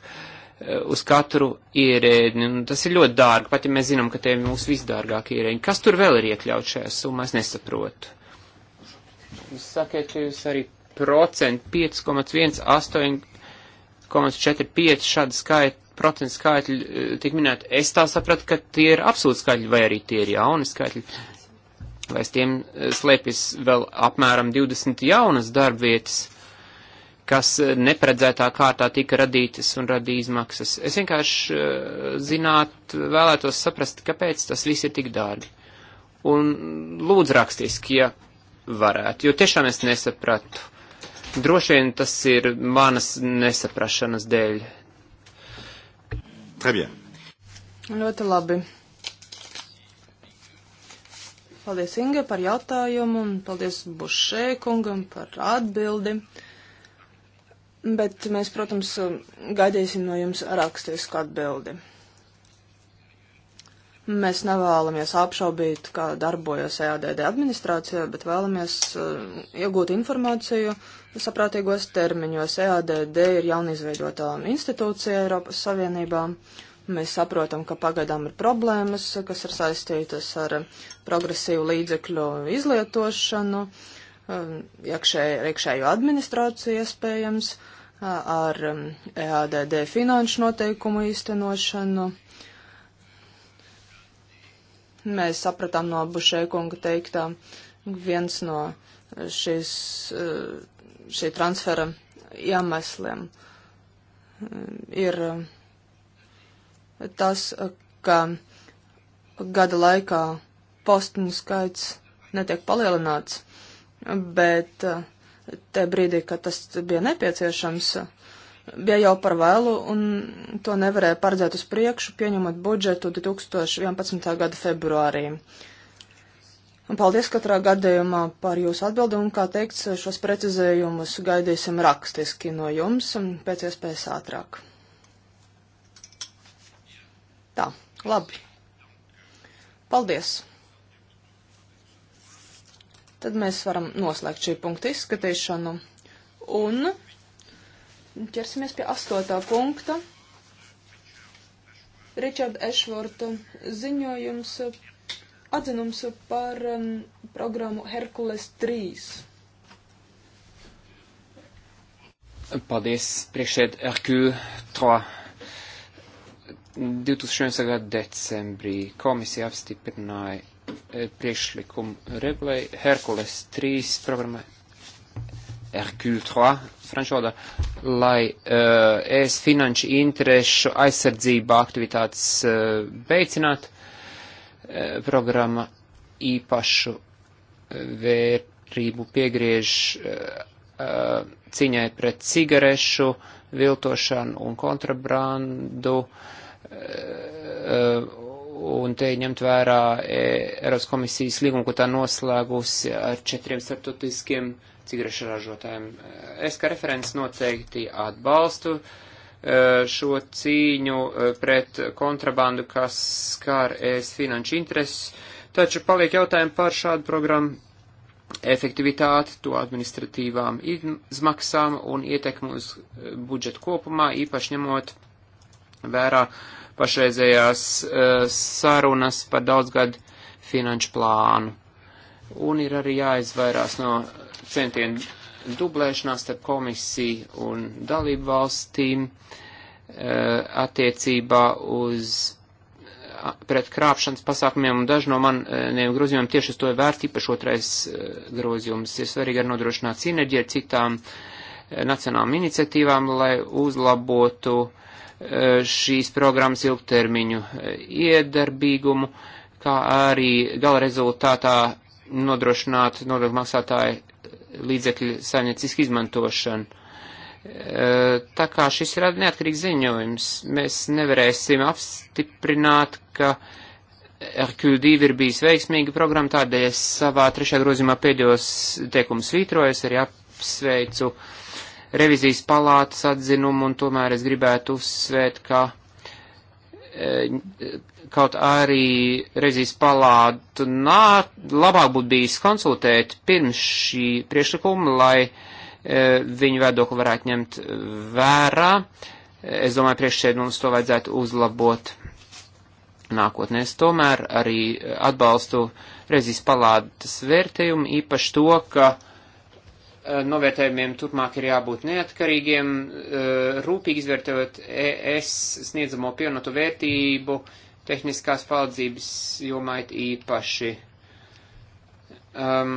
uz katru ierēdni, un tas ir ļoti dārgi, pat ja mēs zinām, ka tie ir mūsu visdārgākie ierēdņi. Kas tur vēl ir iekļauts šajā summā, es nesaprotu. Jūs sakiet, ka jūs arī procentu 5,1,8,45 šādi skaitļi, procentu eh, skaitļi tik minēti. Es tā sapratu, ka tie ir absolūti skaitļi vai arī tie ir jauni skaitļi. Vai es tiem eh, slēpjas vēl apmēram 20 jaunas darbvietas, kas eh, neparedzētā kārtā tika radītas un radīja izmaksas. Es vienkārši zināt, vēlētos saprast, kāpēc tas viss ir tik dārgi. Un lūdzu rakstiski, ja varētu, jo tiešām es nesapratu. Droši vien tas ir manas nesaprašanas dēļ. Très bien. Ļoti labi. Paldies Inga par jautājumu un paldies Bušē kungam par atbildi. Bet mēs, protams, gaidīsim no jums rakstisku atbildi. Mēs nevēlamies apšaubīt, kā darbojas EADD administrācija, bet vēlamies uh, iegūt informāciju saprātīgos termiņos. EADD ir jaunizveidotā institūcija Eiropas Savienībā. Mēs saprotam, ka pagaidām ir problēmas, kas ir saistītas ar progresīvu līdzekļu izlietošanu, uh, iekšējo administrāciju iespējams, uh, ar EADD e finanšu noteikumu īstenošanu Mēs sapratām no Bušēkunga teiktā, viens no šīs, eh, šī transfera iemesliem eh, ir eh, tas, ka gada laikā postuņu skaits netiek palielināts, bet te brīdī, kad tas bija nepieciešams, bija jau par vēlu, un to nevarēja paredzēt uz priekšu, pieņemot budžetu 2011. gada februārī. Un paldies katrā gadījumā par jūsu atbildi, un, kā teikts, šos precizējumus gaidīsim rakstiski no jums pēc iespējas ātrāk. Tā, labi. Paldies. Tad mēs varam noslēgt šī punkta izskatīšanu, un Ķersimies pie astotā punkta. Richarda Ešvorta ziņojums, atzinums par um, programmu Herkules 3. Paldies, priekšēd Herkule 3. 2011. gada decembrī komisija apstiprināja eh, priekšlikumu regulai Herkules 3 programmai Herkule 3 franču valodā, lai uh, es finanšu interešu aizsardzību aktivitātes uh, eh, beicinātu. Uh, eh, programma īpašu vērtību piegriež uh, uh, cīņai pret cigarešu viltošanu un kontrabrandu. Uh, un te ņemt vērā Eiropas komisijas līgumu, ko tā noslēgusi ar četriem startautiskiem cigarešu ražotājiem. Es kā referents noteikti atbalstu e, šo cīņu e, pret kontrabandu, kas skar es finanšu intereses, taču paliek jautājumi par šādu programmu efektivitāti, to administratīvām izmaksām un ietekmu uz e, budžetu kopumā, īpaši ņemot vērā pašreizējās sarunas par daudzgadu finanšu plānu. Un ir arī jāizvairās no centienu dublēšanās starp komisiju un dalību valstīm eh, attiecībā uz pret krāpšanas pasākumiem, un daži no maniem grozījumiem tieši uz to ir vērti, īpaši otrais eh, grozījums. Ir svarīgi arī nodrošināt sinerģiju ar citām eh, nacionālām iniciatīvām, lai uzlabotu šīs programmas ilgtermiņu iedarbīgumu, kā arī gala rezultātā nodrošināt nodokļu maksātāju līdzekļu saimniecisku izmantošanu. E, tā kā šis ir neatkarīgs ziņojums, mēs nevarēsim apstiprināt, ka RQ2 ir bijis veiksmīga programma, tādēļ es savā trešā grozījumā pēdējos teikumus svītrojas, arī apsveicu revizijas palātas atzinumu, un tomēr es gribētu uzsvērt, ka Eh, kaut arī reizīs palātu nā, labāk būtu bijis konsultēt pirms šī priekšlikuma, lai e, viņu viedokli varētu ņemt vērā. Es domāju, priekšsēd mums to vajadzētu uzlabot nākotnē. Es tomēr arī atbalstu reizīs palātas vērtējumu, īpaši to, ka uh, Eh, novērtējumiem turpmāk ir jābūt neatkarīgiem, eh, rūpīgi izvērtējot ES sniedzamo pievienotu vērtību tehniskās palīdzības jomā īpaši. Um,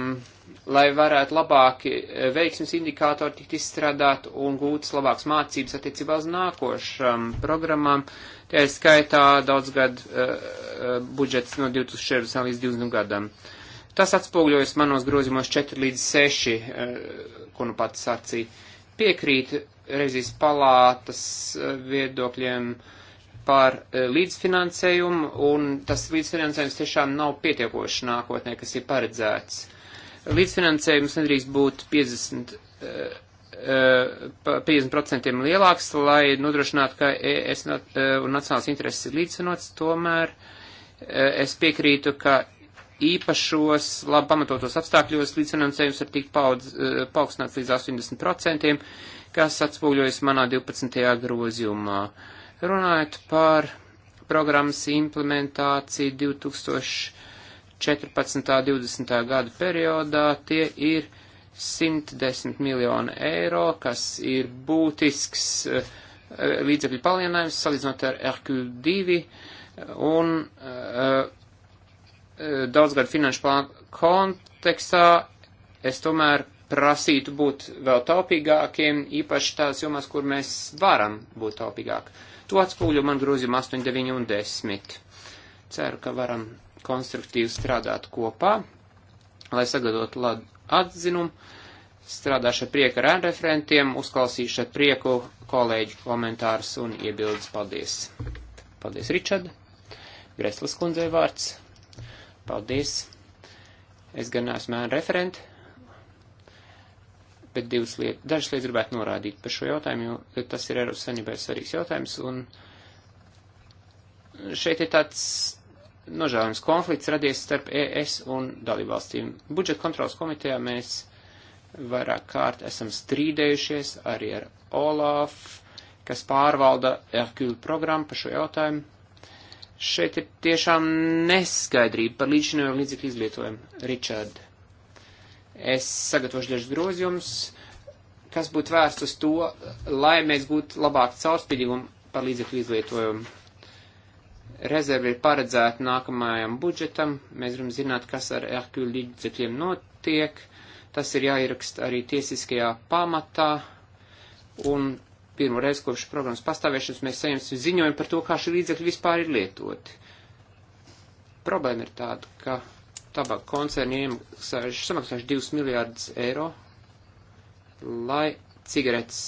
lai varētu labāki eh, veiksmes indikātori tikt izstrādāt un gūtas labāks mācības attiecībā uz nākošām programmām, tie ir skaitā daudz gadu uh, budžets no 2014 līdz 2020 gadam. Uh, Tas atspoguļojas manos grozījumos 4 līdz 6, eh, ko nu pats sacīja. Piekrīt revizijas palātas eh, viedokļiem par eh, līdzfinansējumu, un tas līdzfinansējums tiešām nav pietiekošs nākotnē, kas ir paredzēts. Līdzfinansējums nedrīkst būt 50, 50% lielāks, lai nodrošinātu, ka ES un nacionāls intereses ir līdzsvenots. Tomēr es piekrītu, ka īpašos, labi pamatotos apstākļos līdzfinansējums var tikt eh, paaugstināts līdz 80%, kas atspūļojas manā 12. grozījumā. Runājot par programmas implementāciju 2014. 20. gada periodā, tie ir 110 miljoni eiro, kas ir būtisks eh, līdzekļu palielinājums salīdzinot ar RQ2 un uh, daudzgadu finanšu plānu kontekstā es tomēr prasītu būt vēl taupīgākiem, īpaši tās jomās, kur mēs varam būt taupīgāk. To atspūļo man grūzījuma 8, 9 un 10. Ceru, ka varam konstruktīvi strādāt kopā, lai sagatavotu labu atzinumu. Strādāšu ar prieku ar referentiem, uzklausīšu ar prieku kolēģu komentārus un iebildes. Paldies! Paldies, Ričard! Greslas kundzei vārds! Paldies. Es gan esmu ēna referenti, bet divas lietas, dažas lietas gribētu norādīt par šo jautājumu, jo tas ir Eiropas Savienībai svarīgs jautājums. Un šeit ir tāds nožēlojams konflikts radies starp ES un dalībvalstīm. Budžeta kontrolas komitejā mēs vairāk kārt esam strīdējušies arī ar Olaf, kas pārvalda Erkul programmu par šo jautājumu. Šeit ir tiešām neskaidrība par līdzšinējo līdzekļu izlietojumu. Richard, es sagatavošu dažus grozījumus, kas būtu vērsts uz to, lai mēs būtu labāk caurspīdīgumu par līdzekļu izlietojumu. Rezervi ir paredzēta nākamajam budžetam. Mēs gribam zināt, kas ar EHQ līdzekļiem notiek. Tas ir jāieraksta arī tiesiskajā pamatā. Un pirmo reizi kopš programmas pastāvēšanas mēs saņemsim ziņojumu par to, kā šie līdzekļi vispār ir lietoti. Problēma ir tāda, ka tabaka koncerni iemaksājuši samaksājuši 2 miljārdus eiro, lai cigaretes,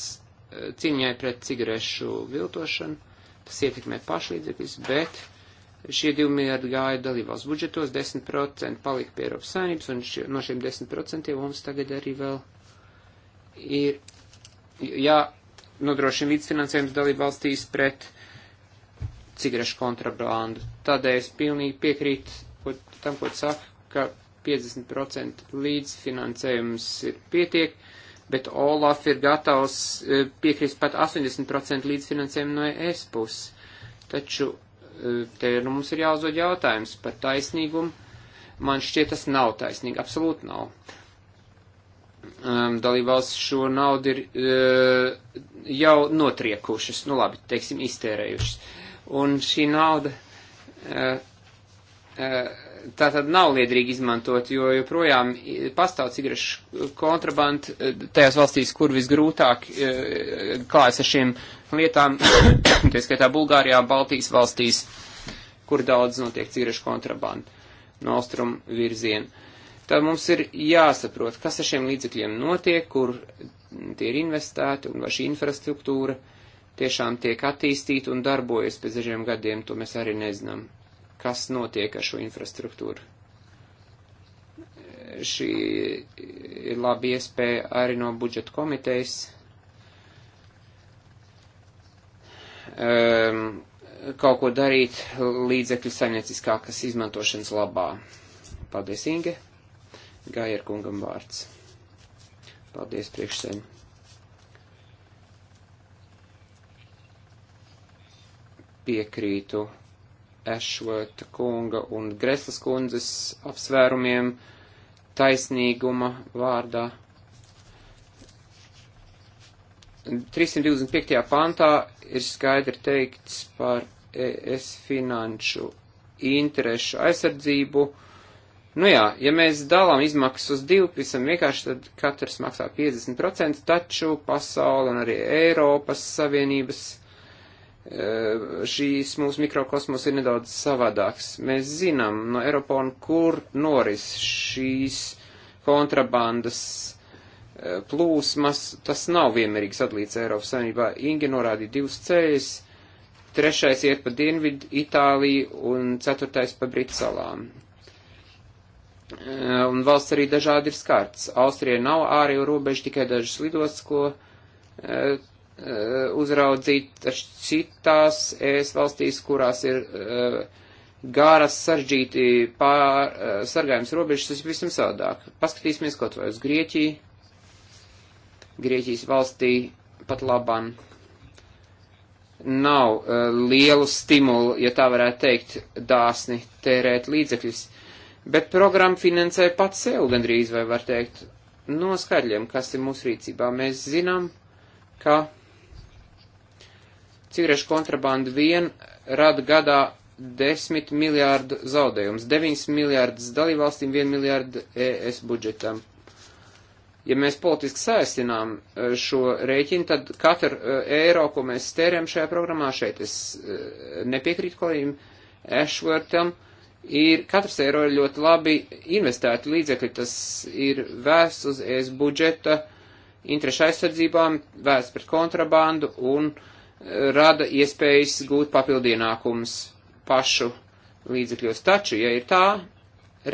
eh, cīņai pret cigarešu viltošanu, tas ietekmē pašlīdzekļus, bet šie 2 miljārdi gāja dalībās budžetos, 10% palika pie Eiropas saimnības, un šie, no šiem 10% mums tagad arī vēl ir jā, nodrošina līdzfinansējums dalību valstīs pret cigarešu kontrabandu. Tādēļ es pilnīgi piekrītu ko, tam, ko saka, ka 50% līdzfinansējums ir pietiek, bet Olaf ir gatavs eh, piekrist pat 80% līdzfinansējumu no ES puses. Taču eh, te nu, mums ir jāuzdod jautājums par taisnīgumu. Man šķiet, tas nav taisnīgi, absolūti nav um, dalībvalsts šo naudu ir uh, jau notriekušas, nu labi, teiksim, iztērējušas. Un šī nauda uh, uh, tā tad nav liederīgi izmantot, jo joprojām pastāv cigarešu kontrabanda uh, tajās valstīs, kur visgrūtāk uh, klājas ar šiem lietām, tā skaitā Bulgārijā, Baltijas valstīs, kur daudz notiek cigarešu kontrabanda no austrumu virziena. Tad mums ir jāsaprot, kas ar šiem līdzekļiem notiek, kur tie ir investēti un vai šī infrastruktūra tiešām tiek attīstīta un darbojas pēc dažiem gadiem, to mēs arī nezinām, kas notiek ar šo infrastruktūru. Šī ir laba iespēja arī no budžeta komitejas. Um, kaut ko darīt līdzekļu saimnieciskākas izmantošanas labā. Paldies, Inge! Gajerkungam vārds. Paldies priekšsēm. Piekrītu Ešvota kunga un Greslas kundzes apsvērumiem taisnīguma vārdā. 325. pantā ir skaidri teikts par es finanšu interešu aizsardzību. Uh, Nu jā, ja mēs dalām izmaksas uz divu, visam vienkārši tad katrs maksā 50%, taču pasauli un arī Eiropas Savienības e, šīs mūsu mikrokosmos ir nedaudz savādāks. Mēs zinām no Eiropona, kur noris šīs kontrabandas e, plūsmas, tas nav vienmērīgs atlīdz Eiropas Savienībā. Ingi norādīja divus ceļus, trešais iet pa Dienvidu Itāliju un ceturtais pa Britsalām. Eh, un valsts arī dažādi ir skarts. Austrija nav ārējo robežu, tikai dažas lidostas, ko uh, uzraudzīt citās ES valstīs, kurās ir uh, gāras saržģīti pār, uh, sargājums robežas, tas ir visam savādāk. Paskatīsimies kaut vai uz Grieķiju. Grieķijas valstī pat labam nav uh, lielu stimulu, ja tā varētu teikt, dāsni tērēt līdzekļus Bet programma finansē pats sev gandrīz, vai var teikt, no skaļiem, kas ir mūsu rīcībā. Mēs zinām, ka cigarešu kontrabanda vien rada gadā 10 miljārdu zaudējums, 9 miljārdus dalībvalstīm, 1 miljārdu ES budžetam. Ja mēs politiski saistinām e, šo rēķinu, tad katru e, eiro, ko mēs stērēm šajā programmā, šeit es e, nepiekrītu kolēģim Ashwortam, uh, ir katrs eiro ir ļoti labi investēti līdzekļi. Tas ir vērsts uz ES budžeta interešu aizsardzībām, vērsts pret kontrabandu un eh, rada iespējas gūt papildienākums pašu līdzekļos. Taču, ja ir tā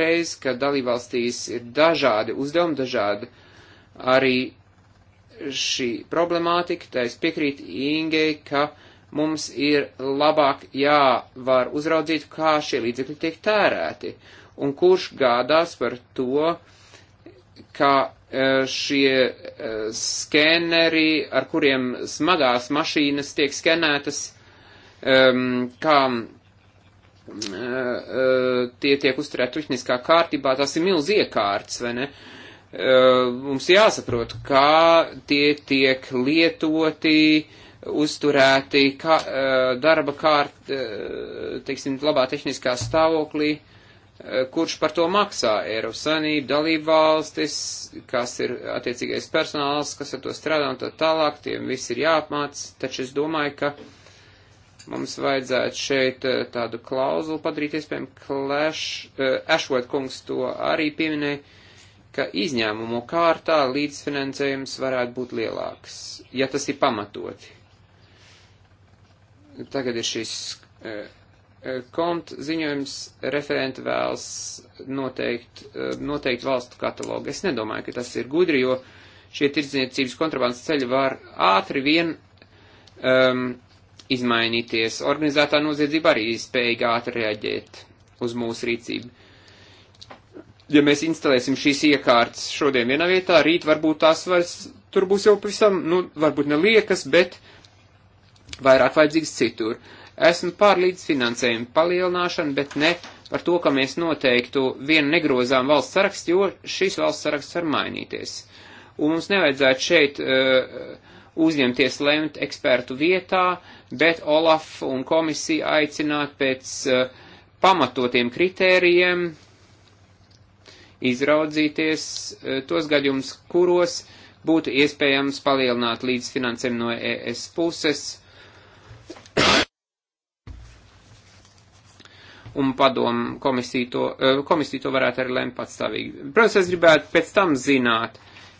reize, ka dalībvalstīs ir dažādi uzdevumi, dažādi arī šī problemātika, tā es piekrītu Ingei, ka uh, mums ir labāk jāvar uzraudzīt, kā šie līdzekļi tiek tērēti un kurš gādās par to, ka e, šie e, skeneri, ar kuriem smagās mašīnas tiek skenētas, kā e, tie tiek uzturēti tehniskā kārtībā, tas ir milz iekārts, vai ne? Mums jāsaprot, kā tie tiek lietoti, uh, uzturēti kā, eh, darba kārt, eh, teiksim, labā tehniskā stāvoklī, eh, kurš par to maksā Eiropas Sanība, dalība valstis, kas ir attiecīgais personāls, kas ar to strādā un tā tālāk, tiem viss ir jāapmāc, taču es domāju, ka mums vajadzētu šeit tādu klauzulu padarīt, iespējams, Clash, Ashworth kungs to arī pieminēja, ka izņēmumu kārtā līdzfinansējums varētu būt lielāks, ja tas ir pamatoti Tagad ir šis eh, eh, kont ziņojums referenti vēlas noteikt, eh, noteikt valstu katalogu. Es nedomāju, ka tas ir gudri, jo šie tirdzniecības kontrabandas ceļi var ātri vien um, izmainīties. Organizētā noziedzība arī spējīgi ātri reaģēt uz mūsu rīcību. Ja mēs instalēsim šīs iekārtas šodien vienā vietā, rīt varbūt tās vairs tur būs jau pavisam, nu, varbūt neliekas, bet uh, vairāk vajadzīgs citur. Esmu pār līdzfinansējumu palielināšanu, bet ne par to, ka mēs noteiktu vienu negrozām valsts sarakstu, jo šis valsts saraksts var mainīties. Un mums nevajadzētu šeit uh, uzņemties lemt ekspertu vietā, bet Olaf un komisija aicināt pēc uh, pamatotiem kritērijiem izraudzīties uh, tos gadījumus, kuros būtu iespējams palielināt līdzfinansējumu no ES puses. Uh, Un padomu komisija to, eh, komisija to varētu arī lemt patstāvīgi. Protams, es gribētu pēc tam zināt,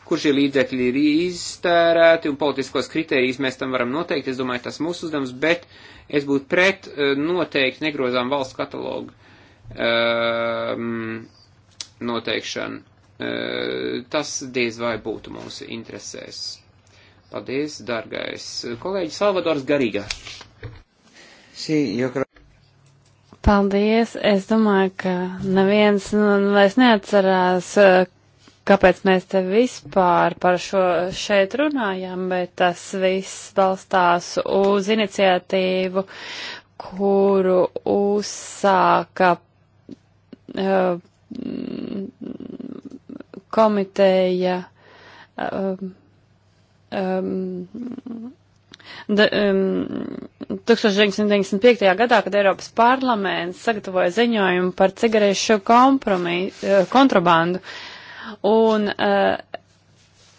kur šie līdzekļi ir iztērēti un politiskos kritērijus mēs tam varam noteikt. Es domāju, tas mūsu uzdevums, bet es būtu pret eh, noteikti negrozām valsts katalogu um, noteikšanu. Uh, tas diez vai būtu mūsu interesēs. Paldies, dargais kolēģis Salvadors Garīga. Sí, yo creo. Paldies! Es domāju, ka neviens nu, vairs neatcerās, eh, kāpēc mēs te vispār par šo šeit runājam, bet tas viss balstās uz iniciatīvu, kuru uzsāka uh, komiteja. Um, um, Da, um, 1995. gadā, kad Eiropas parlaments sagatavoja ziņojumu par cigarešu uh, kontrabandu. Un uh,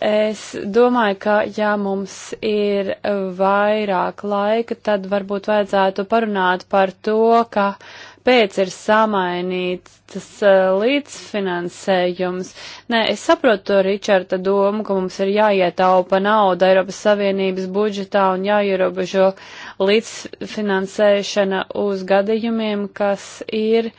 es domāju, ka ja mums ir vairāk laika, tad varbūt vajadzētu parunāt par to, ka uh, pēc ir samainīts uh, eh, līdzfinansējums. Nē, es saprotu Ričarda domu, ka mums ir jāietaupa nauda Eiropas Savienības budžetā un jāierobežo līdzfinansēšana uz gadījumiem, kas ir.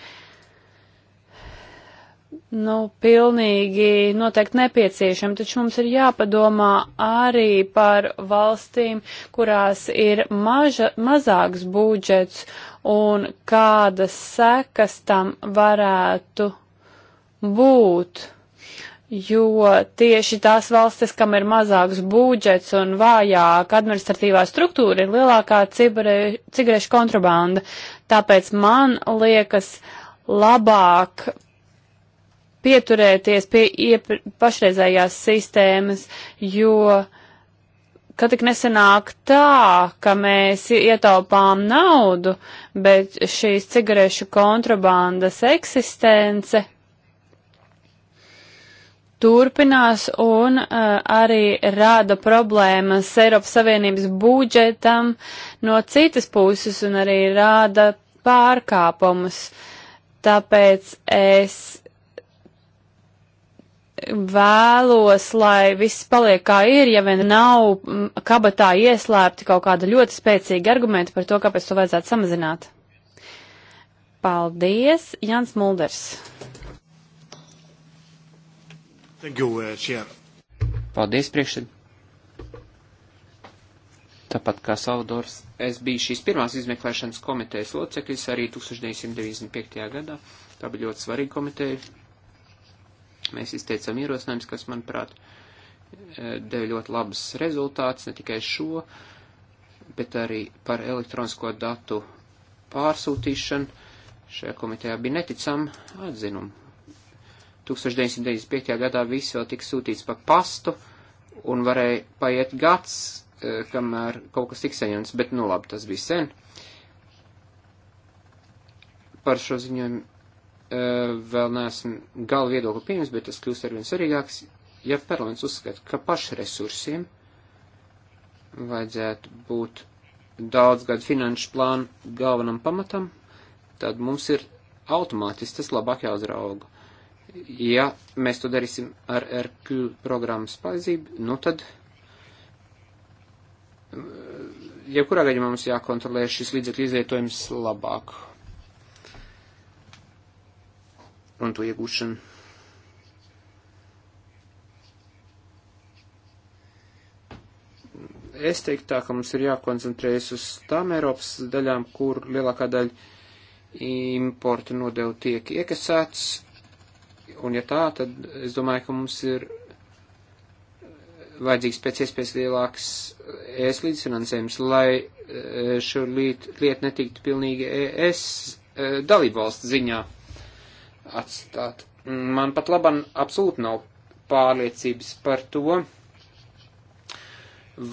Nu, pilnīgi noteikti nepieciešama, taču mums ir jāpadomā arī par valstīm, kurās ir maža, mazāks budžets un kādas sekas tam varētu būt. Jo tieši tās valstis, kam ir mazāks budžets un vājāka administratīvā struktūra, ir lielākā cigarešu kontrabanda. Tāpēc man liekas labāk pieturēties pie pašreizējās sistēmas, jo uh, ka tik nesenāk tā, ka mēs ietaupām naudu, bet šīs cigarešu kontrabandas eksistence turpinās un uh, arī rāda problēmas Eiropas Savienības budžetam no citas puses un arī rāda pārkāpumus. Tāpēc es vēlos, lai viss paliek kā ir, ja vien nav mm, kabatā ieslēpti kaut kāda ļoti spēcīga argumenta par to, kāpēc to vajadzētu samazināt. Paldies, Jans Mulders. Uh, Paldies, priekšsēd. Tāpat kā Salvadors, es biju šīs pirmās izmeklēšanas komitejas loceklis arī 1995. gadā. Tā bija ļoti svarīga komiteja, Mēs izteicam ierosinājumus, kas, manuprāt, e, deva ļoti labus rezultātus, ne tikai šo, bet arī par elektronisko datu pārsūtīšanu. Šajā komitejā bija neticama atzinuma. 1995. gadā viss vēl tika sūtīts pa pastu un varēja paiet gads, e, kamēr kaut kas tiks saņemts, bet nu labi, tas bija sen. Par šo ziņojumu Eh, vēl neesmu galvu viedokli pieņems, bet tas kļūst arvien svarīgāks, ja parlaments uzskata, ka pašresursiem vajadzētu būt daudz gadu finanšu plānu galvenam pamatam, tad mums ir automātiski tas labāk jāuzrauga. Ja mēs to darīsim ar RQ programmas palīdzību, nu tad, eh, jebkurā ja gadījumā mums jākontrolē šis līdzekļu izvietojums labāk. un to iegūšanu. Es teiktu tā, ka mums ir jākoncentrējas uz tām Eiropas daļām, kur lielākā daļa importa nodevu tiek iekasēts, un ja tā, tad es domāju, ka mums ir vajadzīgs pēc iespējas lielāks ES līdzfinansējums, lai eh, šo lietu liet netiktu pilnīgi ES eh, dalībvalsts ziņā atstāt. Man pat laban absolūti nav pārliecības par to,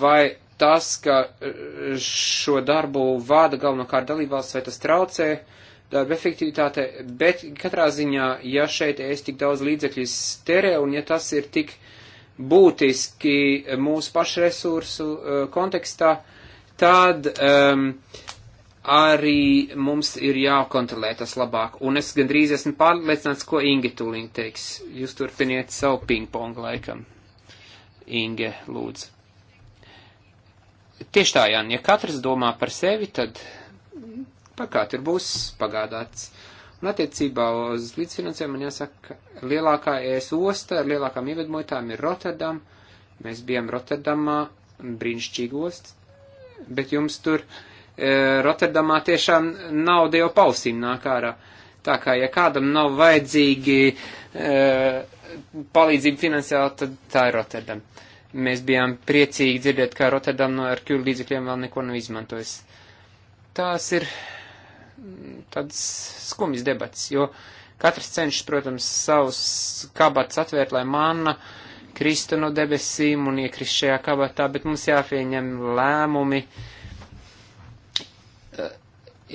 vai tas, ka šo darbu vada galvenokārt dalībvalsts, vai tas traucē darba efektivitāte, bet katrā ziņā, ja šeit es tik daudz līdzekļu sterē un ja tas ir tik būtiski mūsu pašu resursu eh, kontekstā, tad um, uh, arī mums ir jākontrolē tas labāk. Un es gandrīz esmu pārliecināts, ko Inge tūlīt teiks. Jūs turpiniet savu pingpong laikam. Inge, lūdzu. Tieši tā, Jāni, ja katrs domā par sevi, tad pakāt ir būs pagādāts. Un attiecībā uz līdzfinansēm man jāsaka, lielākā ES osta ar lielākām ievedmojotām ir Rotterdam. Mēs bijām Rotterdamā, brīnišķīgi osts, bet jums tur uh, E, Rotterdamā tiešām nauda jau pausīm nāk ārā. Tā kā, ja kādam nav vajadzīgi e, palīdzību finansiāli, tad tā ir Rotterdama. Mēs bijām priecīgi dzirdēt, ka Rotterdama no ar kļu līdzekļiem vēl neko nav izmantojis. Tās ir tāds skumjas debats, jo katrs cenšas, protams, savus kabatas atvērt, lai manna kristu no debesīm un iekrist šajā kabatā, bet mums jāpieņem lēmumi. Uh,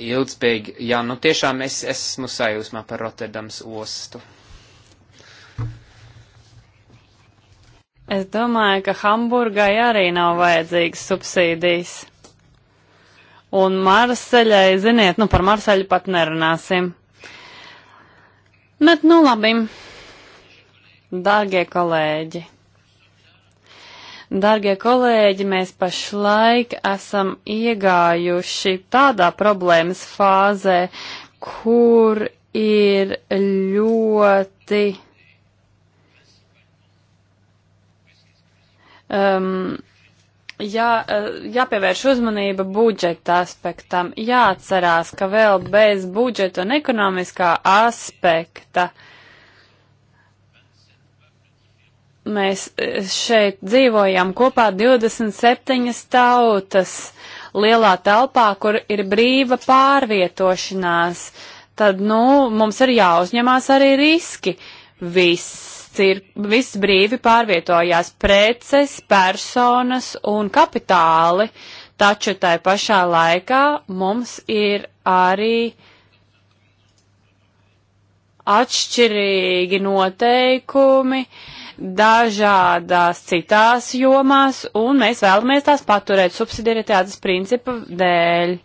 ilgspējīgi. Jā, nu tiešām es esmu sajūsmā par Rotterdams ostu. Es domāju, ka Hamburgai arī nav vajadzīgas subsīdijas. Un Marseļai, ziniet, nu par Marseļu pat nerunāsim. Bet nu labi, dārgie kolēģi. Dargie kolēģi, mēs pašlaik esam iegājuši tādā problēmas fāzē, kur ir ļoti um, jā, uh, jāpievērš uzmanība budžeta aspektam, jāatcerās, ka vēl bez budžeta un ekonomiskā aspekta uh, mēs eh, šeit dzīvojam kopā 27 tautas lielā telpā, kur ir brīva pārvietošanās, tad, nu, mums ir jāuzņemās arī riski. Viss ir, viss brīvi pārvietojās preces, personas un kapitāli, taču tai pašā laikā mums ir arī atšķirīgi noteikumi, uh, dažādās citās jomās, un mēs vēlamies tās paturēt subsidiaritātes principa dēļ.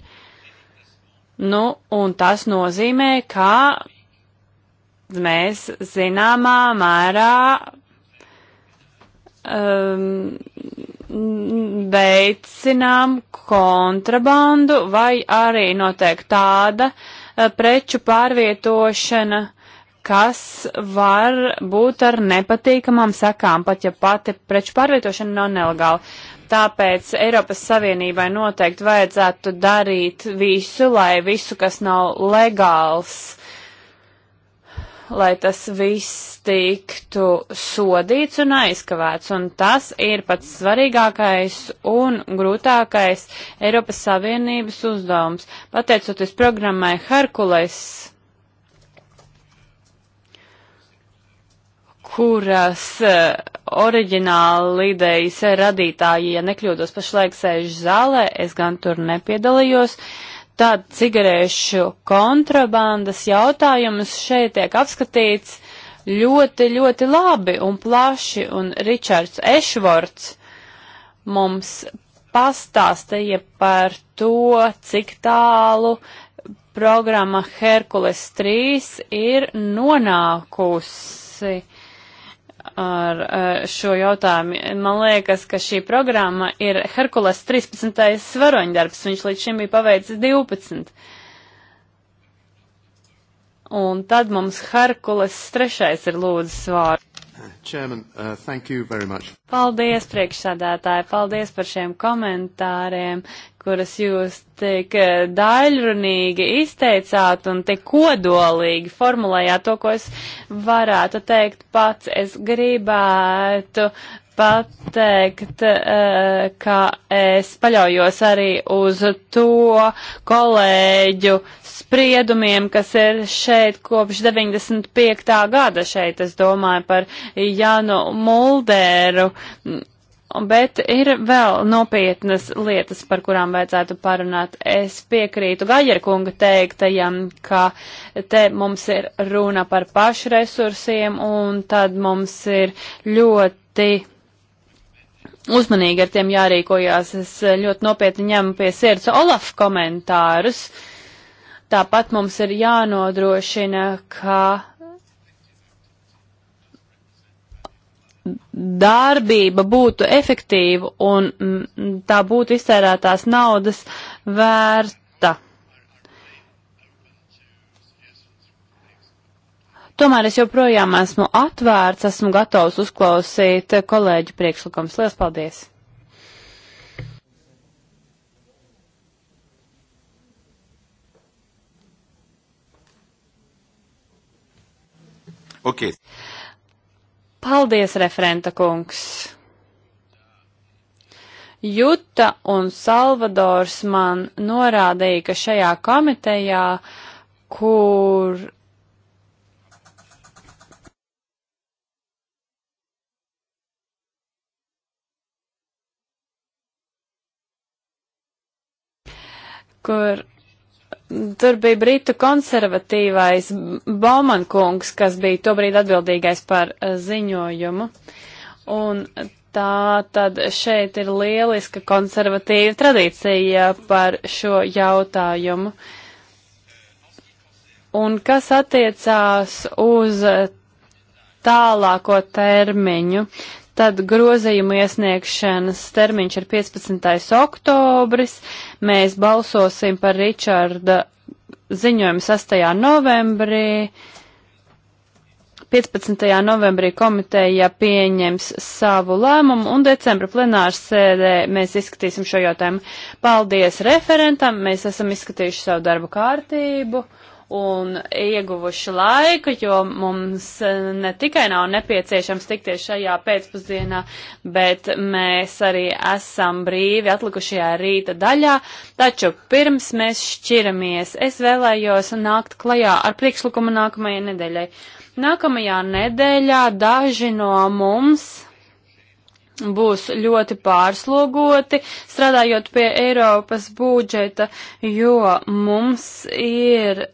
Nu, un tas nozīmē, ka mēs zināmā mērā um, veicinām kontrabandu vai arī notiek tāda uh, preču pārvietošana uh, kas var būt ar nepatīkamām sakām, pat ja pati preču pārvietošana nav nelegāla. Tāpēc Eiropas Savienībai noteikti vajadzētu darīt visu, lai visu, kas nav legāls, lai tas viss tiktu sodīts un aizkavēts. Un tas ir pats svarīgākais un grūtākais Eiropas Savienības uzdevums. Pateicoties programmai Herkules kuras eh, oriģināla lidējas radītāji, ja nekļūdos, pašlaik sēž zālē, es gan tur nepiedalījos. Tad cigarešu kontrabandas jautājums šeit tiek apskatīts ļoti, ļoti labi un plaši, un Ričards Ešvorts mums pastāstīja par to, cik tālu programma Herkules 3 ir nonākusi ar eh, šo jautājumu. Man liekas, ka šī programma ir Herkules 13. svaroņdarbs, viņš līdz šim bija paveicis 12. Un tad mums Herkules 3. ir lūdzas vārds. Chairman, uh, thank you very much. Paldies, priekšsādātāji, paldies par šiem komentāriem kuras jūs tik eh, daļrunīgi izteicāt un tik kodolīgi formulējāt to, ko es varētu teikt pats. Es gribētu pateikt, eh, ka es paļaujos arī uz to kolēģu spriedumiem, kas ir šeit kopš 95. gada šeit, es domāju par Janu Mulderu Bet ir vēl nopietnas lietas, par kurām vajadzētu parunāt. Es piekrītu Gaļerkunga teiktajam, ka te mums ir runa par pašresursiem, un tad mums ir ļoti uzmanīgi ar tiem jārīkojās. Es ļoti nopietni ņemu pie sirds Olaf komentārus. Tāpat mums ir jānodrošina, ka darbība būtu efektīva un tā būtu iztērētās naudas vērta. Tomēr es joprojām esmu atvērts, esmu gatavs uzklausīt kolēģu priekšlikums. Lielas paldies! Okay. Paldies, referenta kungs! Juta un Salvadors man norādīja, ka šajā komitejā, kur kur Tur bija Britu konservatīvais Baumankungs, kas bija tobrīd atbildīgais par eh, ziņojumu. Un tā tad šeit ir lieliska konservatīva tradīcija par šo jautājumu. Un kas attiecās uz tālāko termiņu, Tad grozījumu iesniegšanas termiņš ir 15. oktobris. Mēs balsosim par Ričarda ziņojumu 6. novembrī. 15. novembrī komiteja pieņems savu lēmumu un decembra plenārs sēdē mēs izskatīsim šo jautājumu. Paldies referentam, mēs esam izskatījuši savu darbu kārtību un ieguvuši laiku, jo mums eh, ne tikai nav nepieciešams tikties šajā pēcpusdienā, bet mēs arī esam brīvi atlikušajā rīta daļā. Taču pirms mēs šķiramies, es vēlējos nākt klajā ar priekšlikumu nākamajai nedēļai. Nākamajā nedēļā daži no mums būs ļoti pārslogoti, strādājot pie Eiropas budžeta, jo mums ir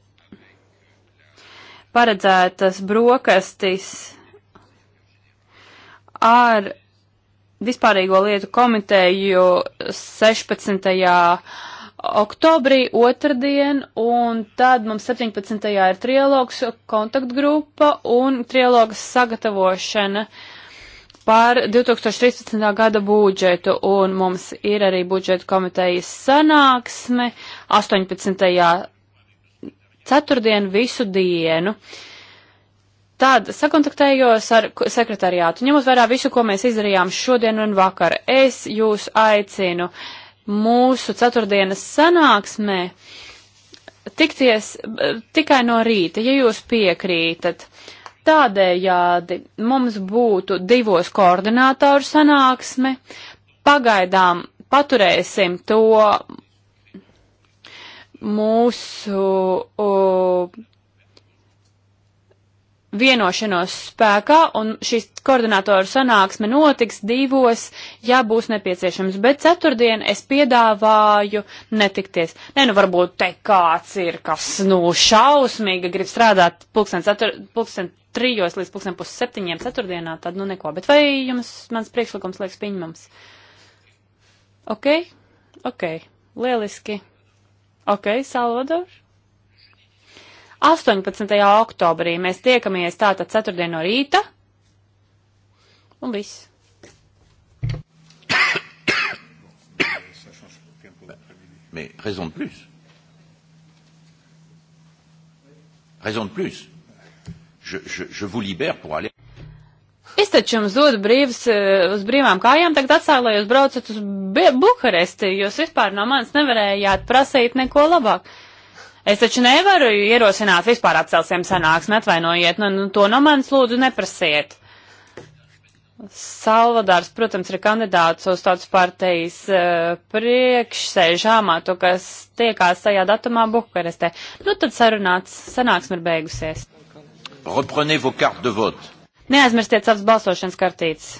paredzētas brokastis ar vispārīgo lietu komiteju 16. oktobrī otrdien, un tad mums 17. ir trialogs kontaktgrupa un trialogas sagatavošana par 2013. gada budžetu, un mums ir arī budžeta komitejas sanāksme 18 ceturtdienu visu dienu. Tad sakontaktējos ar sekretariātu, ņemot vērā visu, ko mēs izdarījām šodien un vakar. Es jūs aicinu mūsu ceturtdienas sanāksmē tikties eh, tikai no rīta, ja jūs piekrītat. Tādējādi mums būtu divos koordinātoru sanāksme. Pagaidām paturēsim to mūsu o, vienošanos spēkā, un šīs koordinātoru sanāksme notiks divos, ja būs nepieciešams. Bet ceturtdien es piedāvāju netikties. Nē, nu varbūt te kāds ir, kas, nu, šausmīgi grib strādāt pulksten, cetur, pulksten trijos līdz pulksten pus septiņiem ceturtdienā, tad nu neko. Bet vai jums mans priekšlikums liekas pieņemams? Ok? Ok. Lieliski. Ok, Salvador. 18. oktobrī mēs tiekamies tātad ceturtdien no rīta. Un viss. Mais raison de plus. Raison de plus. Je, je, je vous libère pour aller taču jums dodu brīvas, eh, uz brīvām kājām, tagad atstāju, lai jūs braucat uz Bukaresti, jūs vispār no manis nevarējāt prasīt neko labāk. Es taču nevaru ierosināt vispār atcelsim sanāksmi, atvainojiet, nu, nu to no manis lūdzu neprasiet. Salvadārs, protams, ir kandidāts uz tautas partijas uh, eh, priekšsēžāmā, to, kas tiekās tajā datumā Bukarestē. Nu, tad sarunāts, sanāksme ir beigusies. Reprenez vos cartes de vote. Neaizmirstiet savas balsošanas kartītes.